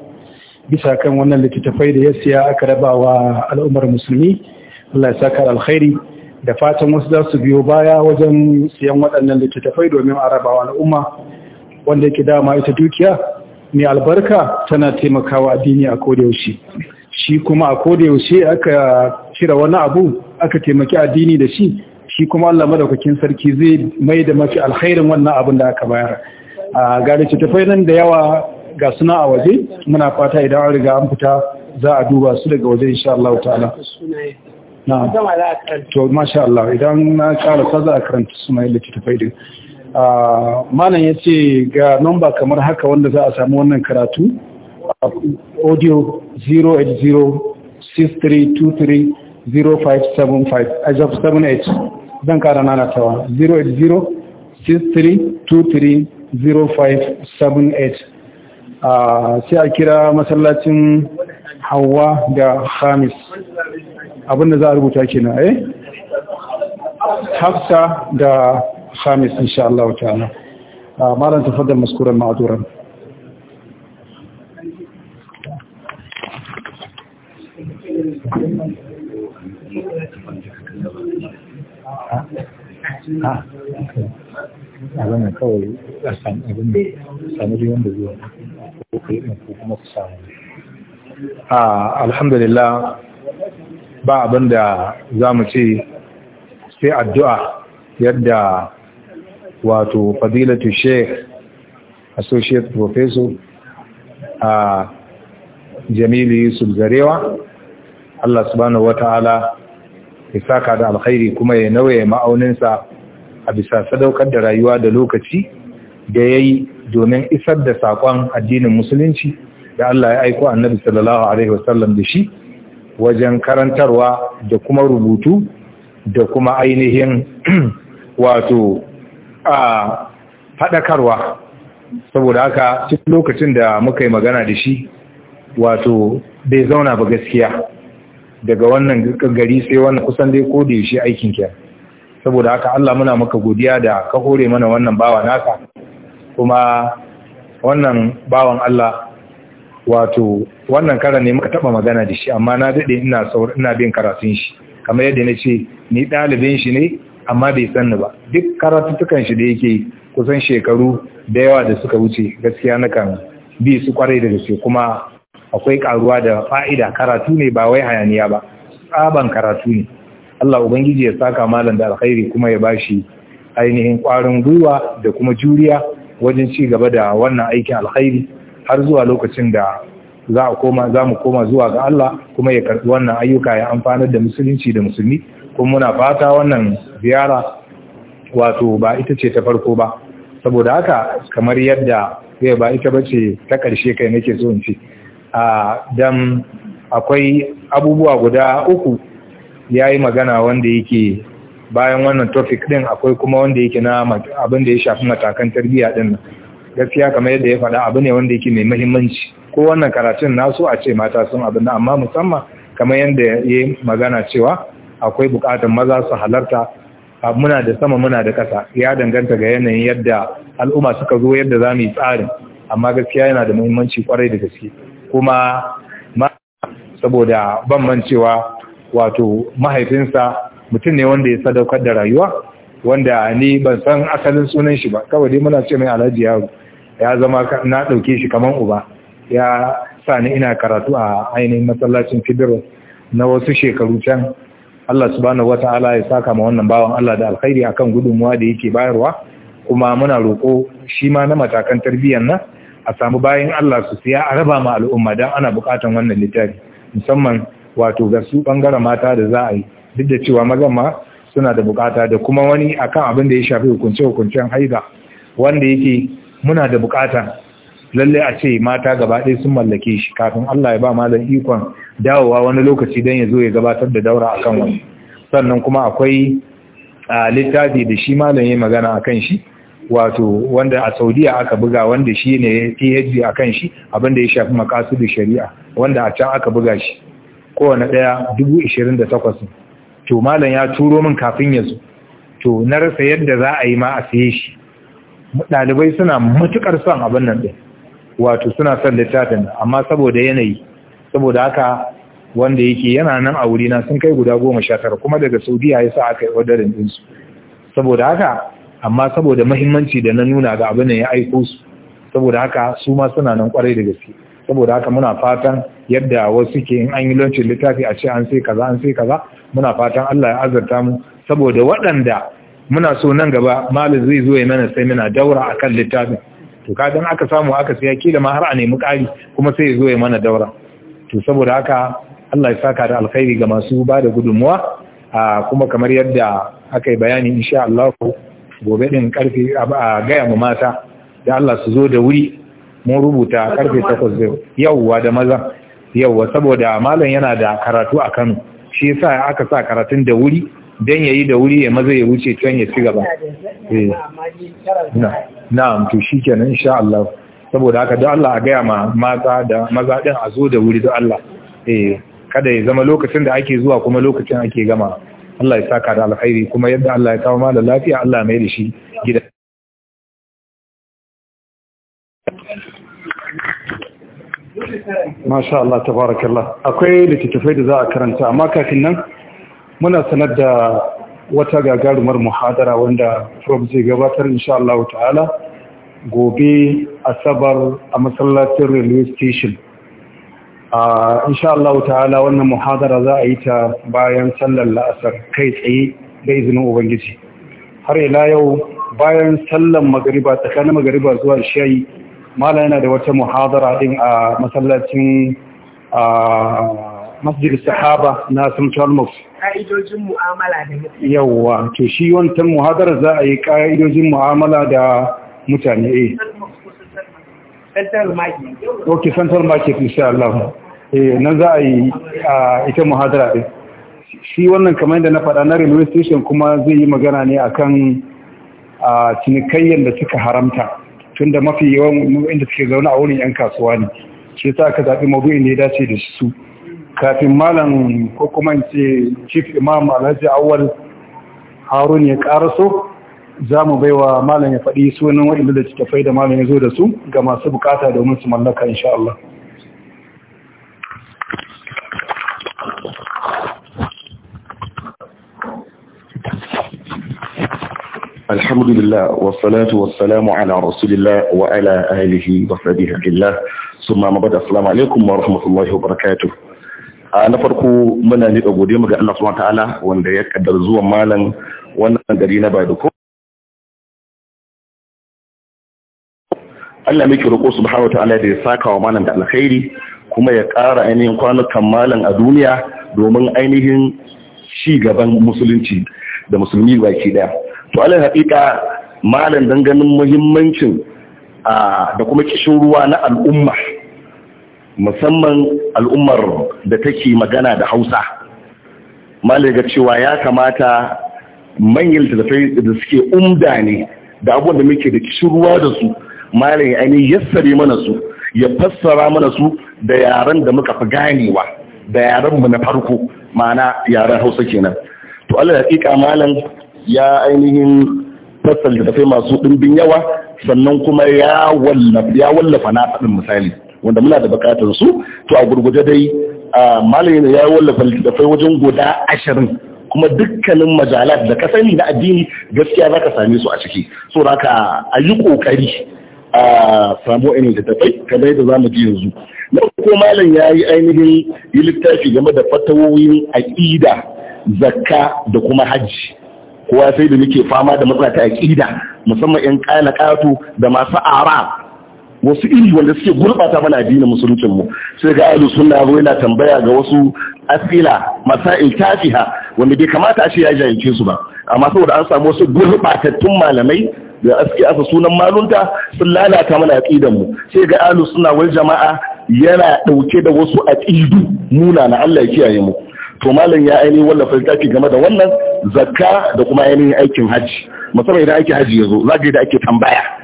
bisa kan wannan littattafai da ya siya aka raba wa al'ummar musulmi Allah ya saka alkhairi da fatan wasu za su biyo baya wajen siyan waɗannan littattafai domin a rabawa al'umma wanda yake dama ita dukiya mai albarka tana taimakawa addini a kodayaushe shi kuma a kodayaushe aka cire wani abu aka taimaki addini da shi shi kuma Allah madaukakin sarki zai mai da mafi alkhairin wannan abin da aka bayar a ce tafai nan da yawa ga suna a waje muna fata idan an riga an fita za a duba su daga waje insha Allah ta'ala na to masha Allah idan na ƙara za a karanta sunayen littattafai din Manan ya ce ga nomba kamar haka wanda za a samu wannan karatu audio 08063230575 zan kara nanatawa 08063230578 sai a kira masallacin hawa da hamis abinda za a rubuta na eh hafsa da الخامس إن شاء الله تعالى ما لن تفضل مذكورا معذورا a ba abin da ce sai addu'a yadda wato fadilatu sheikh associate professor a jamilu yusuf zarewa Allah subhanahu ta'ala ya saka da alkhairi kuma ya nauye ma'auninsa a bisa sadaukar da rayuwa da lokaci da ya yi domin isar da sakon addinin musulunci da Allah ya aiko annabi sallallahu alaihi wasallam da shi wajen karantarwa da kuma rubutu da kuma ainihin [CLEARS THROAT] wato a haɗakarwa saboda haka cikin lokacin da muka yi magana da shi wato bai zauna ba gaskiya daga wannan gari sai wannan kusan dai ko da yaushe aikin kiyar saboda haka Allah muna maka godiya da ka hore mana wannan bawa naka kuma wannan bawan Allah wato wannan karan ne muka taba magana da shi amma na daɗe ina bin karatun shi kamar yadda na ce ni ɗalibin shi ne amma bai sanni ba duk karatuttukan shi da yake kusan shekaru da yawa da suka wuce gaskiya na kan bi su kwarai da gaske kuma akwai karuwa da fa'ida karatu ne ba wai hayaniya ba tsaban karatu ne Allah ubangiji ya saka malam da alkhairi kuma ya bashi ainihin kwarin gwiwa da kuma juriya wajen ci gaba da wannan aikin alkhairi har zuwa lokacin da za a koma za mu koma zuwa ga Allah kuma ya karɓi wannan ayyuka ya amfanar da musulunci da musulmi Kun muna fata wannan ziyara wato ba ita ce ta farko ba saboda haka kamar yadda zai eh, ba ita ba ce ta ƙarshe kai nake so in ce a dan akwai abubuwa guda uku yayi magana wanda yake bayan wannan topic din akwai kuma wanda yake na abin da ya shafi matakan tarbiyya din gaskiya kamar yadda ya faɗa abu ne wanda yake mai muhimmanci ko wannan karatun nasu a ce mata sun abin amma musamman kamar yadda ya magana cewa akwai bukatun maza su halarta muna da sama muna da kasa ya danganta ga yanayin yadda al'umma suka zo yadda za mu yi tsarin amma gaskiya yana da muhimmanci kwarai da gaske kuma saboda ban wato mahaifinsa mutum ne wanda ya sadaukar da rayuwa wanda ni ban san asalin sunan shi ba kawai dai muna ce mai alhaji yaro ya zama na ɗauke shi kamar uba ya sa ni ina karatu a ainihin masallacin fidiro na wasu shekaru can Allah subhanahu wata'ala ya saka ma wannan bawan Allah da alkhairi akan gudunmuwa da yake bayarwa kuma muna roko shi ma na matakan tarbiyyar nan a samu bayan Allah su siya a raba ma al'umma don ana bukatan wannan litafi musamman wato ga su ɓangaren mata da za a yi duk da cewa mazan ma suna da bukata da kuma wani akan abin da ya shafi hukunce-hukuncen haida wanda yake muna da bukata lalle a ce mata gaba ɗaya sun mallake shi kafin Allah ya ba malam ikon dawowa wani lokaci don ya zo ya gabatar da daura akan wani sannan kuma akwai littafi da shi malam ya magana akan shi wato wanda a Saudiya aka buga wanda shi ne PhD akan shi abinda ya shafi da shari'a wanda a can aka buga shi kowane ɗaya takwas to malam ya turo min kafin ya zo to na rasa yadda za a yi ma a saye shi ɗalibai suna matuƙar son abin nan ɗin wato suna son littafin amma saboda yanayi saboda haka wanda yake yana nan a wurina sun kai guda goma sha tara kuma daga saudiya ya sa aka yi odarin ɗinsu saboda haka amma saboda mahimmanci da na nuna ga abin da ya aiko su saboda haka su ma suna nan kwarai da gaske saboda haka muna fatan yadda wasu ke in an yi lancin littafi a ce an sai kaza an sai kaza muna fatan Allah ya azurta mu saboda waɗanda muna so nan gaba malam zai zo ya mana sai muna daura akan littafin to don aka samu aka siya kila ma har a nemi ƙari kuma sai ya ya mana daura to saboda haka Allah ya saka da alkhairi ga masu ba da gudunmuwa kuma kamar yadda aka yi bayani insha Allah gobe din karfe a gaya mu mata da Allah su zo da wuri mun rubuta karfe 8 yauwa da maza yauwa saboda malam yana da karatu a Kano shi yasa aka sa karatun da wuri don ya yi da wuri ya maza ya wuce can ya ci gaba eh. na'am to shi kenan insha Allah saboda haka don Allah a gaya ma maza da maza ɗin a zo da wuri don Allah eh, kada ya zama lokacin da ake zuwa kuma lokacin ake gama Allah ya saka da alkhairi kuma yadda Allah ya kawo da lafiya Allah mai da shi gida Masha Allah tabarakallah akwai littattafai da za a karanta amma kafin nan muna sanar da wata gagarumar muhadara wanda prof zai gabatar insha Allah ta'ala gobe asabar a masallacin railway station insha Allah ta'ala wannan muhadara za a yi ta bayan sallar la'asar kai tsaye da izinin ubangiji har ila yau bayan sallar magariba tsakanin magariba zuwa shayi mala yana da wata muhadara din a masallacin masjid sahaba na central mosque ka'idojin mu'amala da mutane yawa to shi wancan muhadar za a yi ka'idojin mu'amala da mutane eh central market okay central market insha Allah eh nan za a yi ita muhadara din shi wannan kamar yadda na faɗa na railway station kuma zai yi magana ne akan cinikayyar da suka haramta tunda mafi yawan inda suke zaune a wurin 'yan kasuwa ne shi sa aka zaɓi mabu'in da ya dace da su kafin malam ko kuma ce chief imam alhaji awal harun ya karaso za mu bai wa malam ya faɗi sunan waɗanda da suke fai da malam ya zo da su ga masu bukata domin su mallaka insha Allah. الحمد لله والصلاة والسلام على رسول الله وعلى آله وصحبه الله ثم مبدأ السلام عليكم ورحمة الله وبركاته a na farko muna nika gode mu ga Allah subhanahu ta'ala wanda ya kaddar zuwan malam wannan gari na Baduko Allah miki roƙo subhanahu ta'ala da ya saka wa malam da alkhairi kuma ya ƙara ainihin kwanukan malam a duniya domin ainihin ci gaban musulunci da musulmi baki daya to Allah haƙiƙa malam dan ganin muhimmancin da kuma kishin ruwa na al'umma musamman al'ummar da take magana da hausa malaga cewa ya kamata manyan littattafai da suke umda ne da abubuwan da muke da kishirwa da su malaga ainihin yassare mana su ya fassara mana su da yaren da muka fi ganewa da yarenmu mu na farko ma'ana yaren hausa kenan to allah ya ƙiƙa malam ya ainihin fassara littattafai masu ɗimbin yawa sannan kuma ya wallafa na faɗin misali wanda muna da bukatar su to a gurguje dai malami ya wallafa littattafai wajen guda ashirin kuma dukkanin majalat da ka sani na addini gaskiya za ka same su a ciki so da ka a yi kokari a samu ainihin littattafai kamar yadda za mu ji yanzu na ko malam ya yi ainihin yi littafi game da fatawoyin aƙida zakka da kuma hajji kowa sai da muke fama da matsata a aƙida musamman 'yan ƙana ƙato da masu ara wasu iri wanda suke gurbata mana addinin musuluncin mu sai ga ahlus sunna yazo yana tambaya ga wasu asila masail tafiha wanda bai kamata a ce ya jayyace su ba amma saboda an samu wasu gurbatattun malamai da aski asa sunan malunta sun lalata mana aqidan mu sai ga ahlus sunna wal jama'a yana dauke da wasu aqidu muna na Allah ya kiyaye mu to malam ya aini wallafa littafi game da wannan zakka da kuma ainihin aikin hajji musamman idan aikin hajji ya zo za da ake tambaya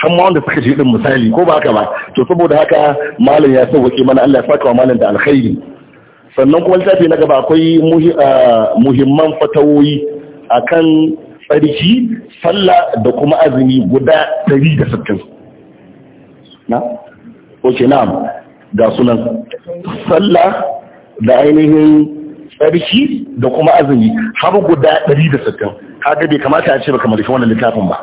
har ma wanda suka ji din misali ko ba haka ba to saboda haka malam ya sauke mana Allah ya saka wa malam da alkhairi sannan kuma littafi na gaba akwai muhimman fatawoyi akan tsarki sallah da kuma azumi guda 160 na oke na'am ga sunan sallah da ainihin tsarki da kuma azumi har guda 160 kaga bai kamata a ce ba kamar shi wannan littafin ba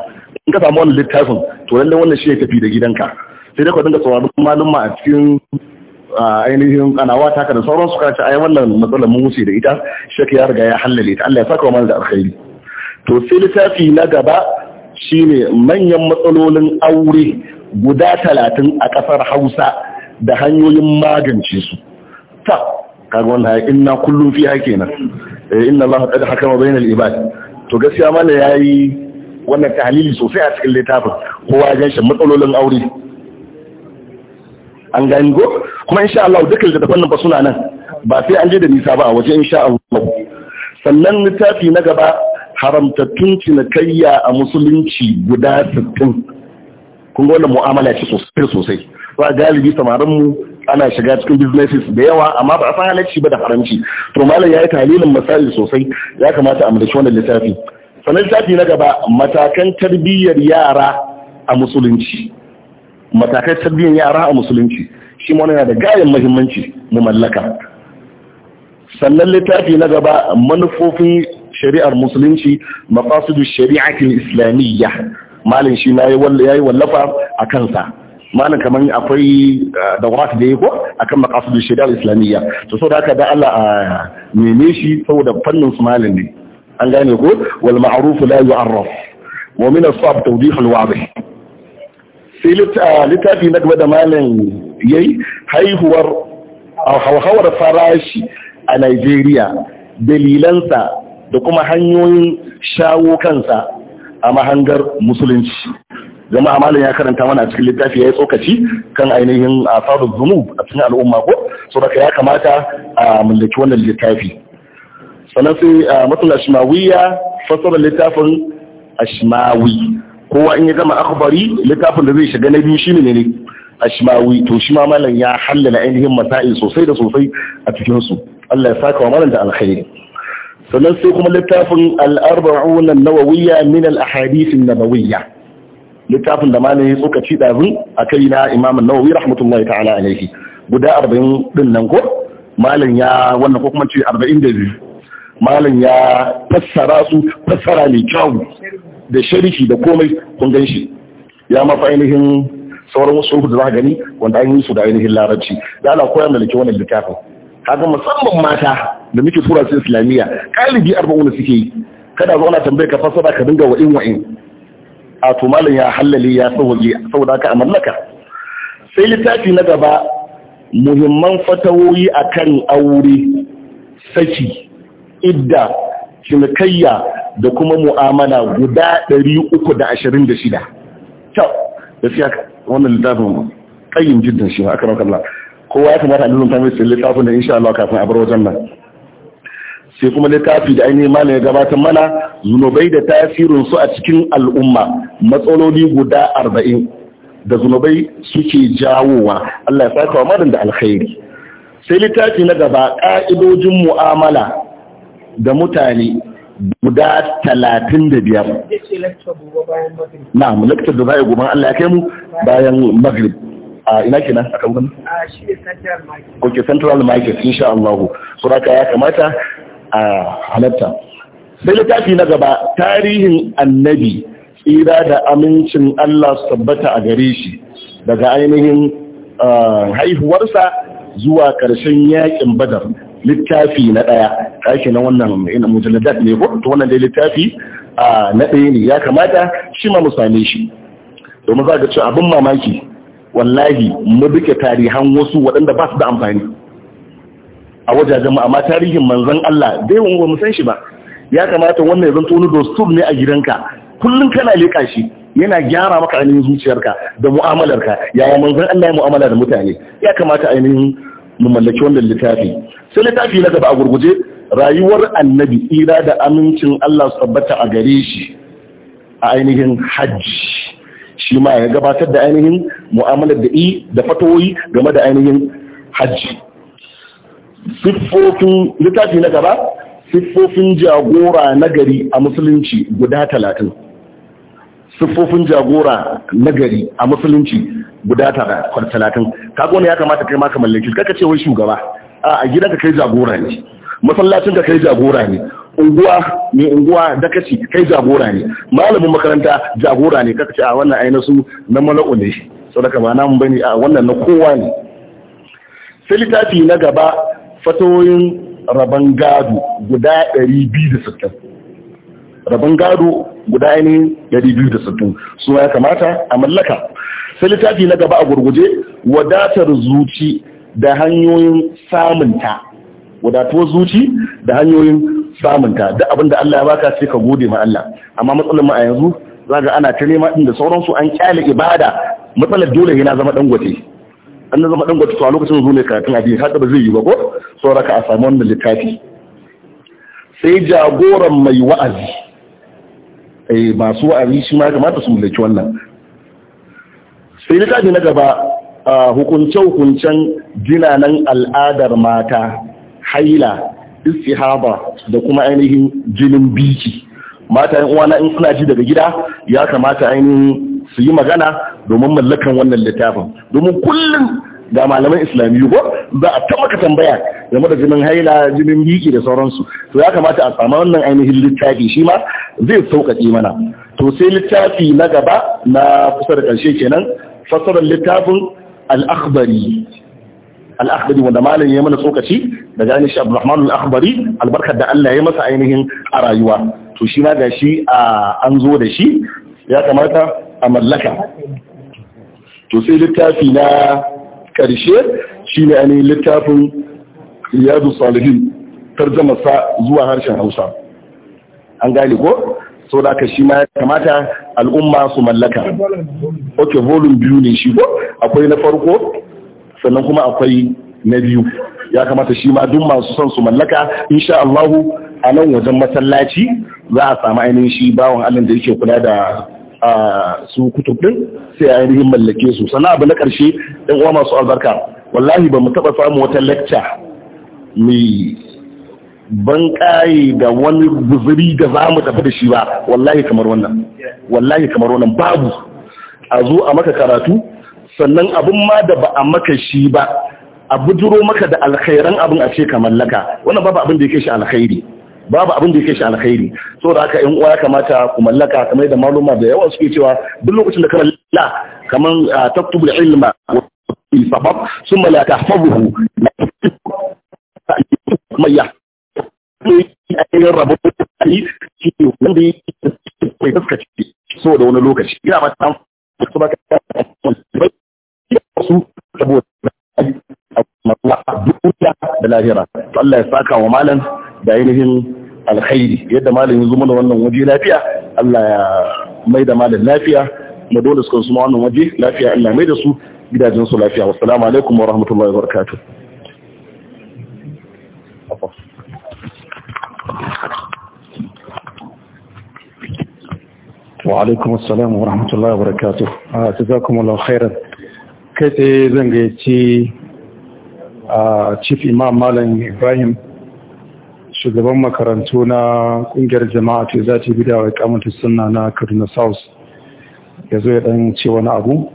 in ka samu wani littafin to lallai wannan shi ya tafi da gidanka sai dai ka dinga sauraron ma a cikin ainihin kanawa taka da sauran su kace ai wannan matsalar mun wuce da ita shekaru ya riga ya hallale ta Allah ya saka mana da alkhairi to sai littafi na gaba shine manyan matsalolin aure guda talatin a kasar Hausa da hanyoyin magance su ta kaga wannan inna kullum fi kenan eh, inna Allah qad hakama bainal ibad to gaskiya mala yayi wannan tahlili sosai a cikin littafin kowa ya ganshi matsalolin aure an gani go kuma insha Allah dukkan da nan ba suna nan ba sai an je da nisa ba a waje insha Allah sannan littafi na gaba haramtattun cinikayya a musulunci guda 60 kun wannan mu'amala ce sosai sosai ba galibi samarin mu ana shiga cikin businesses da yawa amma ba a san halacci ba da haramci to malam ya yi talilin masali sosai ya kamata a mulki wannan littafi sannan shafi na gaba matakan tarbiyyar yara a musulunci matakan tarbiyyar yara a musulunci shi ma yana da gayan mahimmanci mu mallaka sannan littafi na gaba manufofin shari'ar musulunci mafasudu shari'atin islamiyya malin shi ya yi wallafa a kansa malin kamar akwai eh, da wata da ya ko a akan maqasidu shari'ar islamiyya to da haka da Allah a ah, neme shi saboda fannin su malin ne an gane ko wal ma'ruf la yu'arraf wa min as-sab tawdih al-wadih sai littafi ah, na gaba da malam yayi haihuwar hauhawar farashi a Najeriya dalilansa da kuma hanyoyin shawo kansa a mahangar musulunci jama'a malam ya karanta mana a cikin littafi ya yi tsokaci kan ainihin asarar ah, zunub a cikin al'umma ko so ya kamata a mallaki wannan littafi sannan sai ah, matul ashimawiya fasarar littafin ashmawi kowa in ya zama akubari littafin da zai shiga na biyu shine ne ashimawi to shi mamalan ya hallala ainihin masail sosai da sosai a cikin su Allah ya saka wa malam da alkhairi sannan sai kuma littafin al-arba'un an-nawawiyya min al-ahadith an-nabawiyya littafin da malamin ya tsokaci dazun kai na Imam an-Nawawi rahmatullahi ta'ala alaihi guda 40 din nan ko malam ya wannan ko kuma ce 42 malam ya fassara su fassara mai kyau da sharifi da komai kun gan shi ya mafi ainihin sauran wasu da za gani wanda an yi su da ainihin larabci da ala koyar da lake wannan littafin haka musamman mata da muke tura su islamiyya kalibi arba'una suke yi kada zauna tambaye ka fassara ka dinga wa'in wa'in a to malam ya hallale ya sauwaje saboda haka a mallaka sai littafi na gaba muhimman fatawoyi akan aure saki idda cinikayya da kuma mu'amala guda 326 kyau da siya wannan littafin ƙayyin jiddin shi a karamar kalla kowa ya kamata a nuna ta mai littafin da insha Allah kafin a bar wajen nan sai kuma littafi da ainihin mana ya gabatar mana zunubai da tasirin su a cikin al'umma matsaloli guda arba'in da zunubai suke jawowa Allah ya saka wa marin da alkhairi sai littafi na gaba ƙa'idojin mu'amala da mutane guda talatin da biyar na lakta da bayan goma Allah ya kai mu bayan maghrib a ina kenan a wani? a shi ne central market ok central market insha Allah suraka ya kamata a halatta sai littafi na gaba tarihin annabi tsira da amincin Allah su tabbata a gare shi daga ainihin ah, haihuwarsa zuwa ƙarshen yaƙin badar littafi na ɗaya kashi na wannan ina mujalladat ne ko to wannan dai littafi na ɗaya ne ya kamata shi ma mu same shi domin za ka ce abin mamaki wallahi mu duke tarihan wasu waɗanda ba su da amfani a wajajen mu amma tarihin manzon Allah dai ba mu san shi ba ya kamata wannan ya zanto wani dostur ne a gidanka kullum kana leƙa shi yana gyara maka ainihin zuciyarka da mu'amalarka yaya manzon Allah ya mu'amala da mutane ya kamata ainihin mu mallaki wannan littafi sai littafi na gaba a gurguje rayuwar annabi ira da amincin Allah su tabbata a gare shi a ainihin hajji shi ma ya gabatar da ainihin mu'amalar da i da fatoyi game da ainihin hajji siffofin littafi na gaba siffofin jagora na gari a musulunci guda talatin siffofin jagora na gari a musulunci guda talatin kaga wani ya kamata kai ma ka mallaki kaka ce wai shugaba a gida ka kai jagora ne masallacin ka kai jagora ne unguwa mai unguwa da kace kai jagora ne malamin makaranta jagora ne kaka ce a wannan aina su na mala'u ne sau da kama namun bane a wannan na kowa ne sai littafi na gaba fatoyin rabon gado guda 260 rabon gado guda ne 260 su ya kamata a mallaka sai littafi na gaba a gurguje wadatar zuci da hanyoyin samunta wadatuwar zuci da hanyoyin samunta da abinda da Allah ya baka sai ka gode ma Allah amma matsalar mu a yanzu ga ana ta nema din da sauransu an kyale ibada matsalar dole yana zama gwate. an zama gwate to a lokacin zuwa ne karatun hadisi haka ba zai yi ba ko sauraka a samu wannan littafi sai jagoran mai wa'azi eh masu wa'azi shi ma kamata su mulki wannan sai littafi na gaba hukunce-hukuncen jinanan al'adar mata haila istihaba da kuma ainihin jinin biki mata yan uwana in suna ji daga gida ya kamata ainihin su yi magana domin mallakan wannan littafin domin kullum ga malaman islamiyu ko za a ta maka tambaya game da jinin haila jinin biki da sauransu to ya kamata a samu wannan ainihin littafi shi ma zai sauƙaƙe mana to sai littafi na gaba na kusa da ƙarshe kenan fassarar littafin Al'akbari, Al'akbari wanda malam ya mana tsokaci daga ainihin Abdulrahman al Al'akbari, albarkar da Allah ya masa ainihin a rayuwa to shi ma gashi an zo da shi ya kamata a mallaka to sai littafi na karshe shine ainihin littafin riyadu salihin tarjama sa zuwa harshen Hausa an gane ko so da aka shi ma ya kamata al'umma su mallaka ok volume biyu ne shi akwai na farko sannan kuma akwai na biyu ya kamata shi ma duk masu son su mallaka insha Allahu a nan wajen masallaci za a samu ainihin shi bawon Allah da yake kula da su kutubin sai sai ainihin mallake su sannan abu na karshe ɗan uwa masu albarka wallahi ba mu taɓa samu wata lecture mai ban ƙayi da wani guzuri da za mu tafi da shi ba wallahi kamar wannan wallahi kamar wannan babu a zo a maka karatu sannan abin ma da ba a maka shi ba a bujuro maka da alkhairan abin a ce ka mallaka wannan babu abin da yake shi alkhairi babu abin da yake shi alkhairi So da haka in uwa ya kamata ku mallaka kamar da maluma da yawa suke cewa duk lokacin da ka mallaka kamar taktubul ilma wa sabab summa la tahfazuhu kuma ya ainihin rabo da yi shi ne wanda ya yi kai kaskaci so da wani lokaci ina ba ta su ba ka su saboda duniya da lahira to Allah ya saka wa malam da ainihin alkhairi yadda malam ya zo mana wannan waje lafiya Allah ya mai da malam lafiya da dole su kuma wannan waje lafiya Allah mai da su gidajen su lafiya wassalamu alaikum wa rahmatullahi wa barakatuh وعليكم السلام ورحمة الله وبركاته جزاكم الله خيرا kai tsaye zan gayyaci a ah, chief malam ibrahim shugaban makarantu na kungiyar jama'a ce za ta bida wa kamata suna na kaduna south ya zo ya dan ce wani abu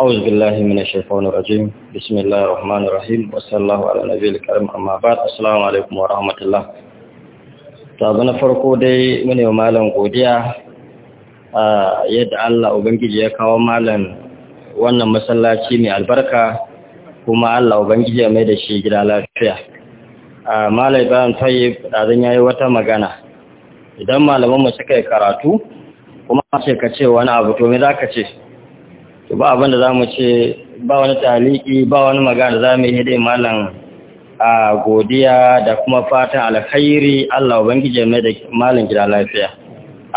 أعوذ بالله من الشيطان الرجيم بسم الله الرحمن الرحيم وصلى الله على نبي الكريم أما بعد السلام عليكم ورحمة الله tabu na farko dai mune malam godiya a yadda Allah ubangiji ya kawo malam wannan masallaci mai albarka kuma Allah ubangiji ya mai da shi gida lafiya a malam Ibrahim Tayyib dazan yayi wata magana idan malaman mu suka yi karatu kuma ce ka ce wani abu to me zaka ce to ba abinda za mu ce ba wani taliki ba wani magana za mu yi dai malam a godiya da kuma fatan alkhairi Allah ubangije mai da malam gida lafiya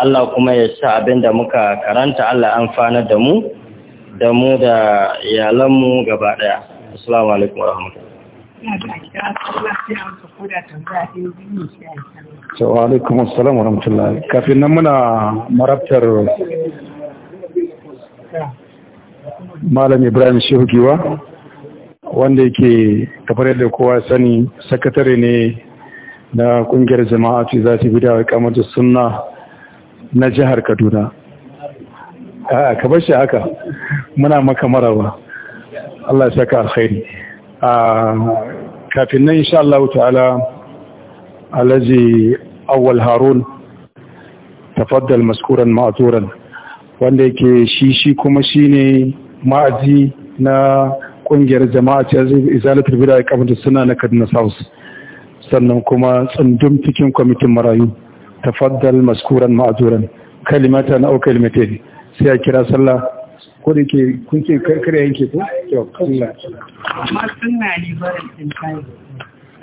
Allah kuma ya sa abinda muka karanta Allah an fana da mu da mu da iyalanmu gaba daya assalamu alaikum wa rahmatullahi wa alaikum assalam wa rahmatullahi kafin nan muna marabtar malam ibrahim shehu giwa wanda yake kafar yadda kowa sani sakatare ne na kungiyar ce za ta bidawa kamar sunna na jihar kaduna a kabar shi haka muna maka ba. Allah ya saka alkhairi kafin nan insha Allah ta'ala alaji awal harun tafaddal maskuran ma'turan wanda yake shi shi kuma shi ne. ma'aji na kungiyar jama'a ce izalatul bid'a ya kamata suna na Kaduna South sannan kuma tsundun cikin kwamitin marayu ta tafaddal maskuran ma'azuran kalimata na auka limited sai a kira sallah ko da ke kun karkar yanke ko yau kalla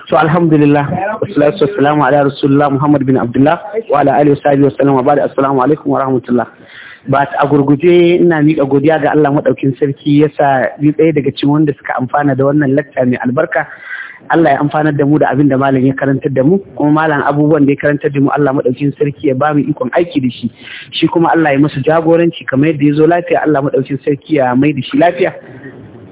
so alhamdulillah wasu wassalamu ala rasulullah muhammad bin abdullah wa ala alihi wa sahbihi wa sallam alaikum wa rahmatullah ba a gurguje ina miƙa godiya ga Allah maɗaukin sarki yasa ni tsaye daga cikin wanda suka amfana da wannan lacca mai albarka Allah ya amfanar da mu da abin da malam ya karantar da mu kuma malam abubuwan da ya karantar da mu Allah maɗaukin sarki ya ba mu ikon aiki da shi shi kuma Allah ya masa jagoranci kamar yadda ya zo lafiya Allah maɗaukin sarki ya mai da shi lafiya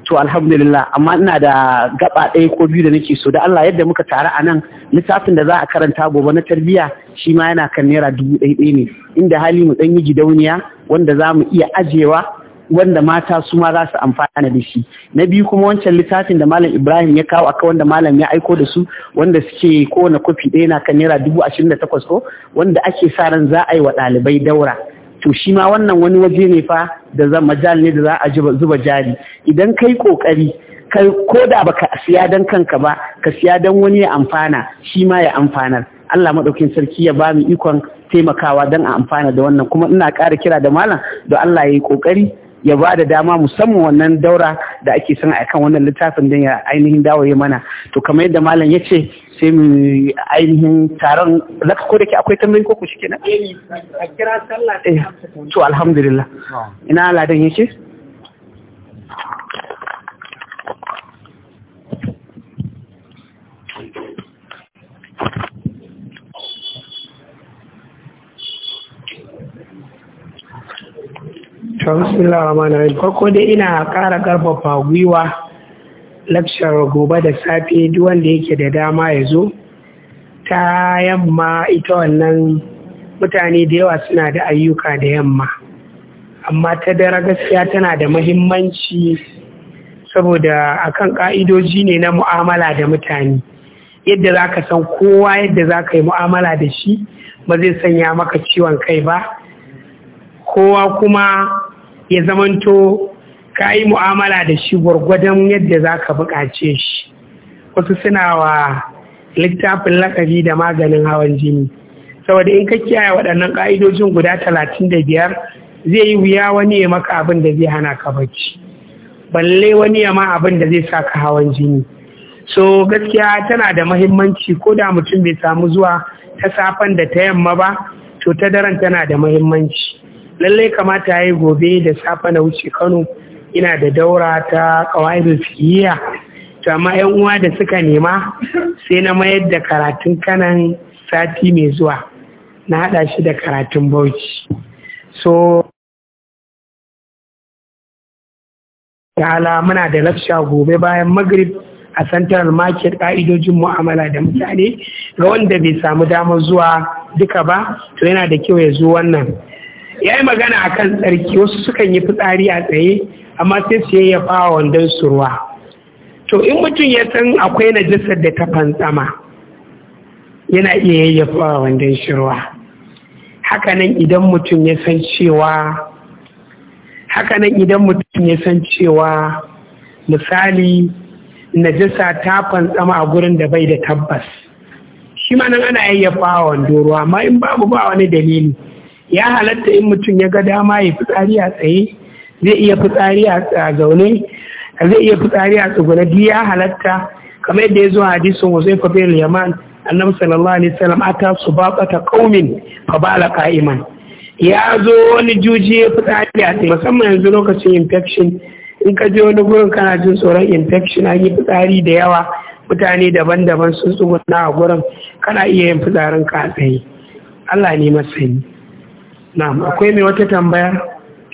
to alhamdulillah amma ina da gaba ɗaya ko biyu da nake so da Allah yadda muka taru a nan littafin da za a karanta gobe na tarbiyya shi ma yana kan naira dubu ɗaya ne inda hali mu ɗan yi gidauniya wanda za mu iya ajiyewa wanda mata su ma za su amfana da shi na biyu kuma wancan littafin da malam ibrahim ya kawo aka wanda malam ya aiko da su wanda suke kowane kofi ɗaya na kan naira dubu ashirin da takwas ko wanda ake sa ran za a yi wa ɗalibai daura to shi ma wannan wani waje ne fa da majal ne da za a zuba jari idan kai kokari kai ko da baka siya dan kanka ba ka siya dan wani ya amfana shi ma ya amfanar Allah madaukin sarki ya ba mu ikon taimakawa dan a amfana da wannan kuma ina ƙara kira da malam da Allah ya yi kokari ya ba da dama musamman wannan daura da ake son a kan wannan littafin da ya ainihin dawaye mana to kamar yadda malam ya ce sai mu ainihin taron zaka ko da ke akwai tambayin ko ku shi kenan eh, a kira sallah eh, to alhamdulillah ina ladan yake to bismillah rahman rahim farko dai ina ƙara ƙarfafa gwiwa lakshar gobe da safe duk wanda yake da dama ya zo ta yamma ita wannan mutane da yawa suna da ayyuka da yamma amma ta dara gaskiya tana da mahimmanci saboda akan ka'idoji ne na mu'amala da mutane yadda za ka san kowa yadda za ka yi mu'amala da shi ba zai sanya maka ciwon kai ba kowa kuma ya zamanto ka yi mu'amala da shi gwargwadon yadda za ka buƙace shi wasu suna wa littafin lakabi da maganin hawan jini saboda in ka kiyaye waɗannan ƙa'idojin guda talatin da biyar zai yi wuya wani ya maka abin da zai hana ka bacci balle wani ya ma abin da zai sa ka hawan jini so gaskiya tana da mahimmanci ko da mutum bai samu zuwa ta safen da ta yamma ba to ta daren tana da mahimmanci lallai kamata ya yi gobe da safe na wuce kano ina da daura ta ƙawaidul fiqhiyya to amma yan uwa da suka nema sai na mayar da karatun kanan sati mai zuwa na haɗa shi da karatun bauchi so ta'ala muna da lafsha gobe bayan magrib a central market ƙa'idojin mu'amala da mutane ga wanda bai samu damar zuwa duka ba to yana da kyau ya zo wannan ya yi magana kan tsarki wasu sukan yi fitsari a tsaye amma sai su yayyafa wandon su ruwa to in mutum ya san akwai najasar da ta fantsama yana iya yayyafa wandon shirwa. ruwa hakanan idan mutum ya san cewa hakanan idan mutum ya san cewa misali najasa ta fantsama a gurin da bai da tabbas shi ma nan ana yayyafa wando ruwa amma in babu ba wani dalili ya halatta in mutum ya ga dama ya fitsari a tsaye zai iya fitsari a zaune zai iya fitsari a tsugune biya ya halatta kamar yadda ya zo hadisin wasu ifa bin yaman annabi sallallahu alaihi wasallam ata ta qaumin fa la qa'iman ya zo wani juji ya fitsari a tsaye musamman yanzu lokacin infection in ka je wani gurin kana jin tsoron infection an yi fitsari da yawa mutane daban-daban sun tsuguna a gurin kana iya yin fitsarin ka tsaye Allah ne masani na'am akwai mai wata tambaya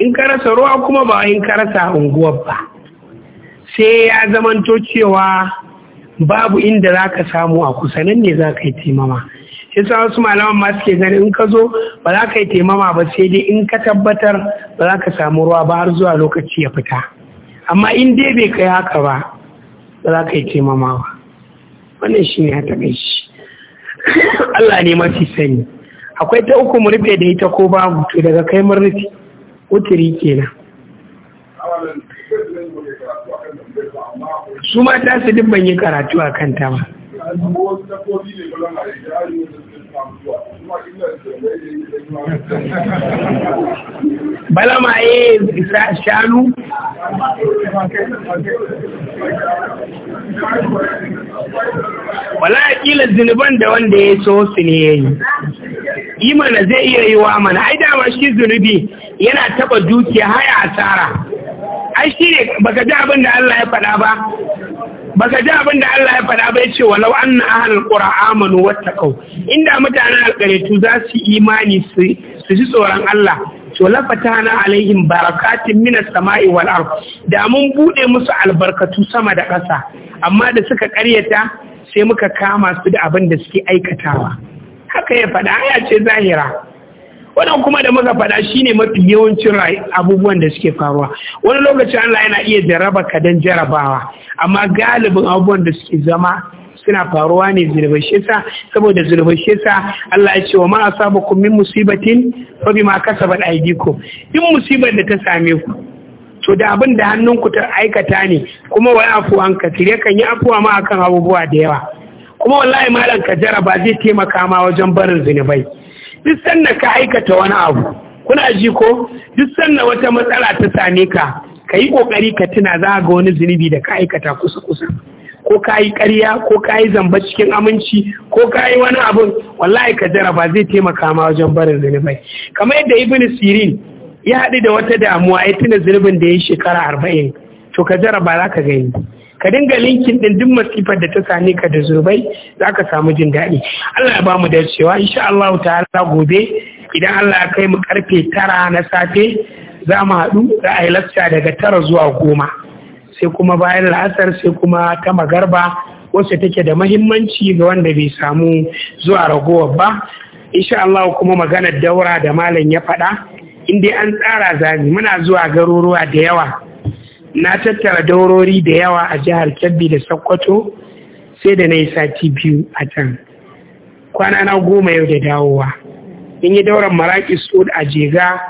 in ka rasa ruwa kuma ba in ka rasa unguwar ba sai ya zamanto cewa babu inda za ka samu a kusa nan ne za ka yi taimama shi sa wasu malaman ma suke gani in ka zo ba za ka yi taimama ba sai dai in ka tabbatar ba za ka samu ruwa ba har zuwa lokaci ya fita amma in dai bai kai haka ba ba za ka yi taimama ba wannan shi ne ta shi Allah ne mafi sani akwai ta uku mu rufe da ita ko babu to daga kai mun rufe kuturi kenan su mata su dubban ban yi karatu a kanta ba balama ya shanu wala kila zunuban da wanda ya so su ne ya yi imana zai iya yi wa mana ai dama shi zunubi yana taba dukiya har tsara. ai shi ne baka ji abin da Allah ya faɗa ba baka ji abin da Allah ya faɗa ba yace walau anna ahlul qura amanu wattaqau inda mutanen alkaretu za su imani su su ji tsoron Allah to lafatana alaihim barakatin minas sama'i wal ard da mun bude musu albarkatu sama da ƙasa amma da suka ƙaryata sai muka kama su da abin da suke aikatawa haka ya faɗa aya ce zahira wannan kuma da muka faɗa shine mafi yawancin abubuwan da suke faruwa wani lokaci Allah yana iya jaraba ka dan jarabawa amma galibin abubuwan da suke zama suna faruwa ne zulubashe sa saboda zulubashe sa Allah ya ce wa ma asabakum min musibatin fa bima kasabat aydikum in musibar da ta same ku to da abin da hannunku ta aikata ne kuma wai afu an tire kan yi afuwa ma akan abubuwa da yawa kuma wallahi malam ka jaraba zai taimaka ma wajen barin zinubai duk sannan ka aikata wani abu kuna ji ko duk sannan wata matsala ta same ka ka yi ƙoƙari ka tuna za ga wani zunubi da ka aikata kusa-kusa ko ka yi ƙarya ko ka yi zamba cikin aminci ko ka yi wani abin wallahi ka jaraba zai taimaka ma wajen barin zunubai kamar yadda ibn sirin ya haɗu da wata damuwa ya tuna zunubin da ya yi shekara arba'in to ka jaraba za ka gani ka dinga linkin din duk masifar da ta same ka da zurbai za ka samu jin daɗi Allah ya bamu dacewa insha Allah ta'ala gobe idan Allah ya kai mu karfe tara na safe za mu haɗu za a yi lacca daga tara zuwa goma sai kuma bayan la'asar sai kuma ta magarba wacce take da mahimmanci ga wanda bai samu zuwa ragowar ba insha Allah kuma maganar daura da malam ya faɗa in dai an tsara zami muna zuwa garuruwa da yawa na tattara daurori da yawa a jihar Kebbi da Sokoto sai da na yi sati biyu a can. Kwana na goma yau da dawowa. In yi dauran maraƙi Sud a Jega.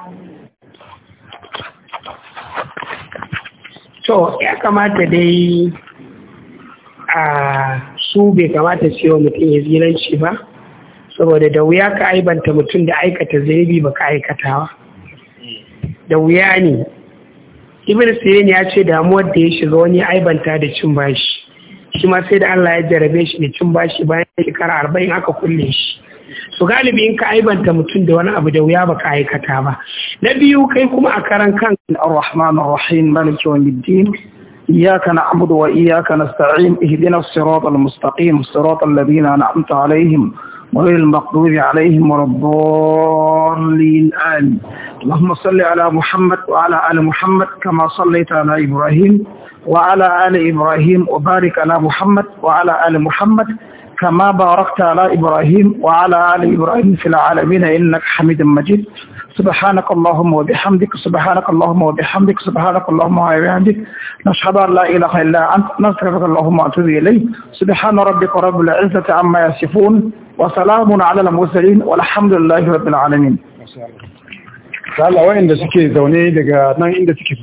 To, ya kamata dai a su bai kamata cewa mutum ya zilanci ba, saboda da wuya ka aibanta mutum da aikata zaibi ba ka aikatawa. Da wuya ne ibn sirin ya ce damuwar da ya shiga wani aibanta da cin bashi shi ma sai da Allah ya jarabe shi da cin bashi bayan shekara arba'in aka kulle shi su galibi in ka aibanta mutum da wani abu da wuya baka aikata ba na biyu kai kuma a karan kan ar-rahman ar-rahim maliki yawmiddin iyyaka na'budu wa iyyaka nasta'in ihdinas siratal mustaqim siratal ladzina an'amta alaihim غير المغضوب عليهم ولا الضالين آمين اللهم صل على محمد وعلى آل محمد كما صليت على إبراهيم وعلى آل إبراهيم وبارك على محمد وعلى آل محمد كما باركت على إبراهيم وعلى آل إبراهيم في العالمين إنك حميد مجيد سبحانك اللهم وبحمدك سبحانك اللهم وبحمدك سبحانك اللهم وبحمدك نشهد أن لا إله إلا أنت نستغفرك اللهم وأتوب إليك سبحان ربك رب العزة عما يصفون وسلام على المرسلين والحمد لله رب العالمين. Allah wa'inda suke zaune daga nan inda suke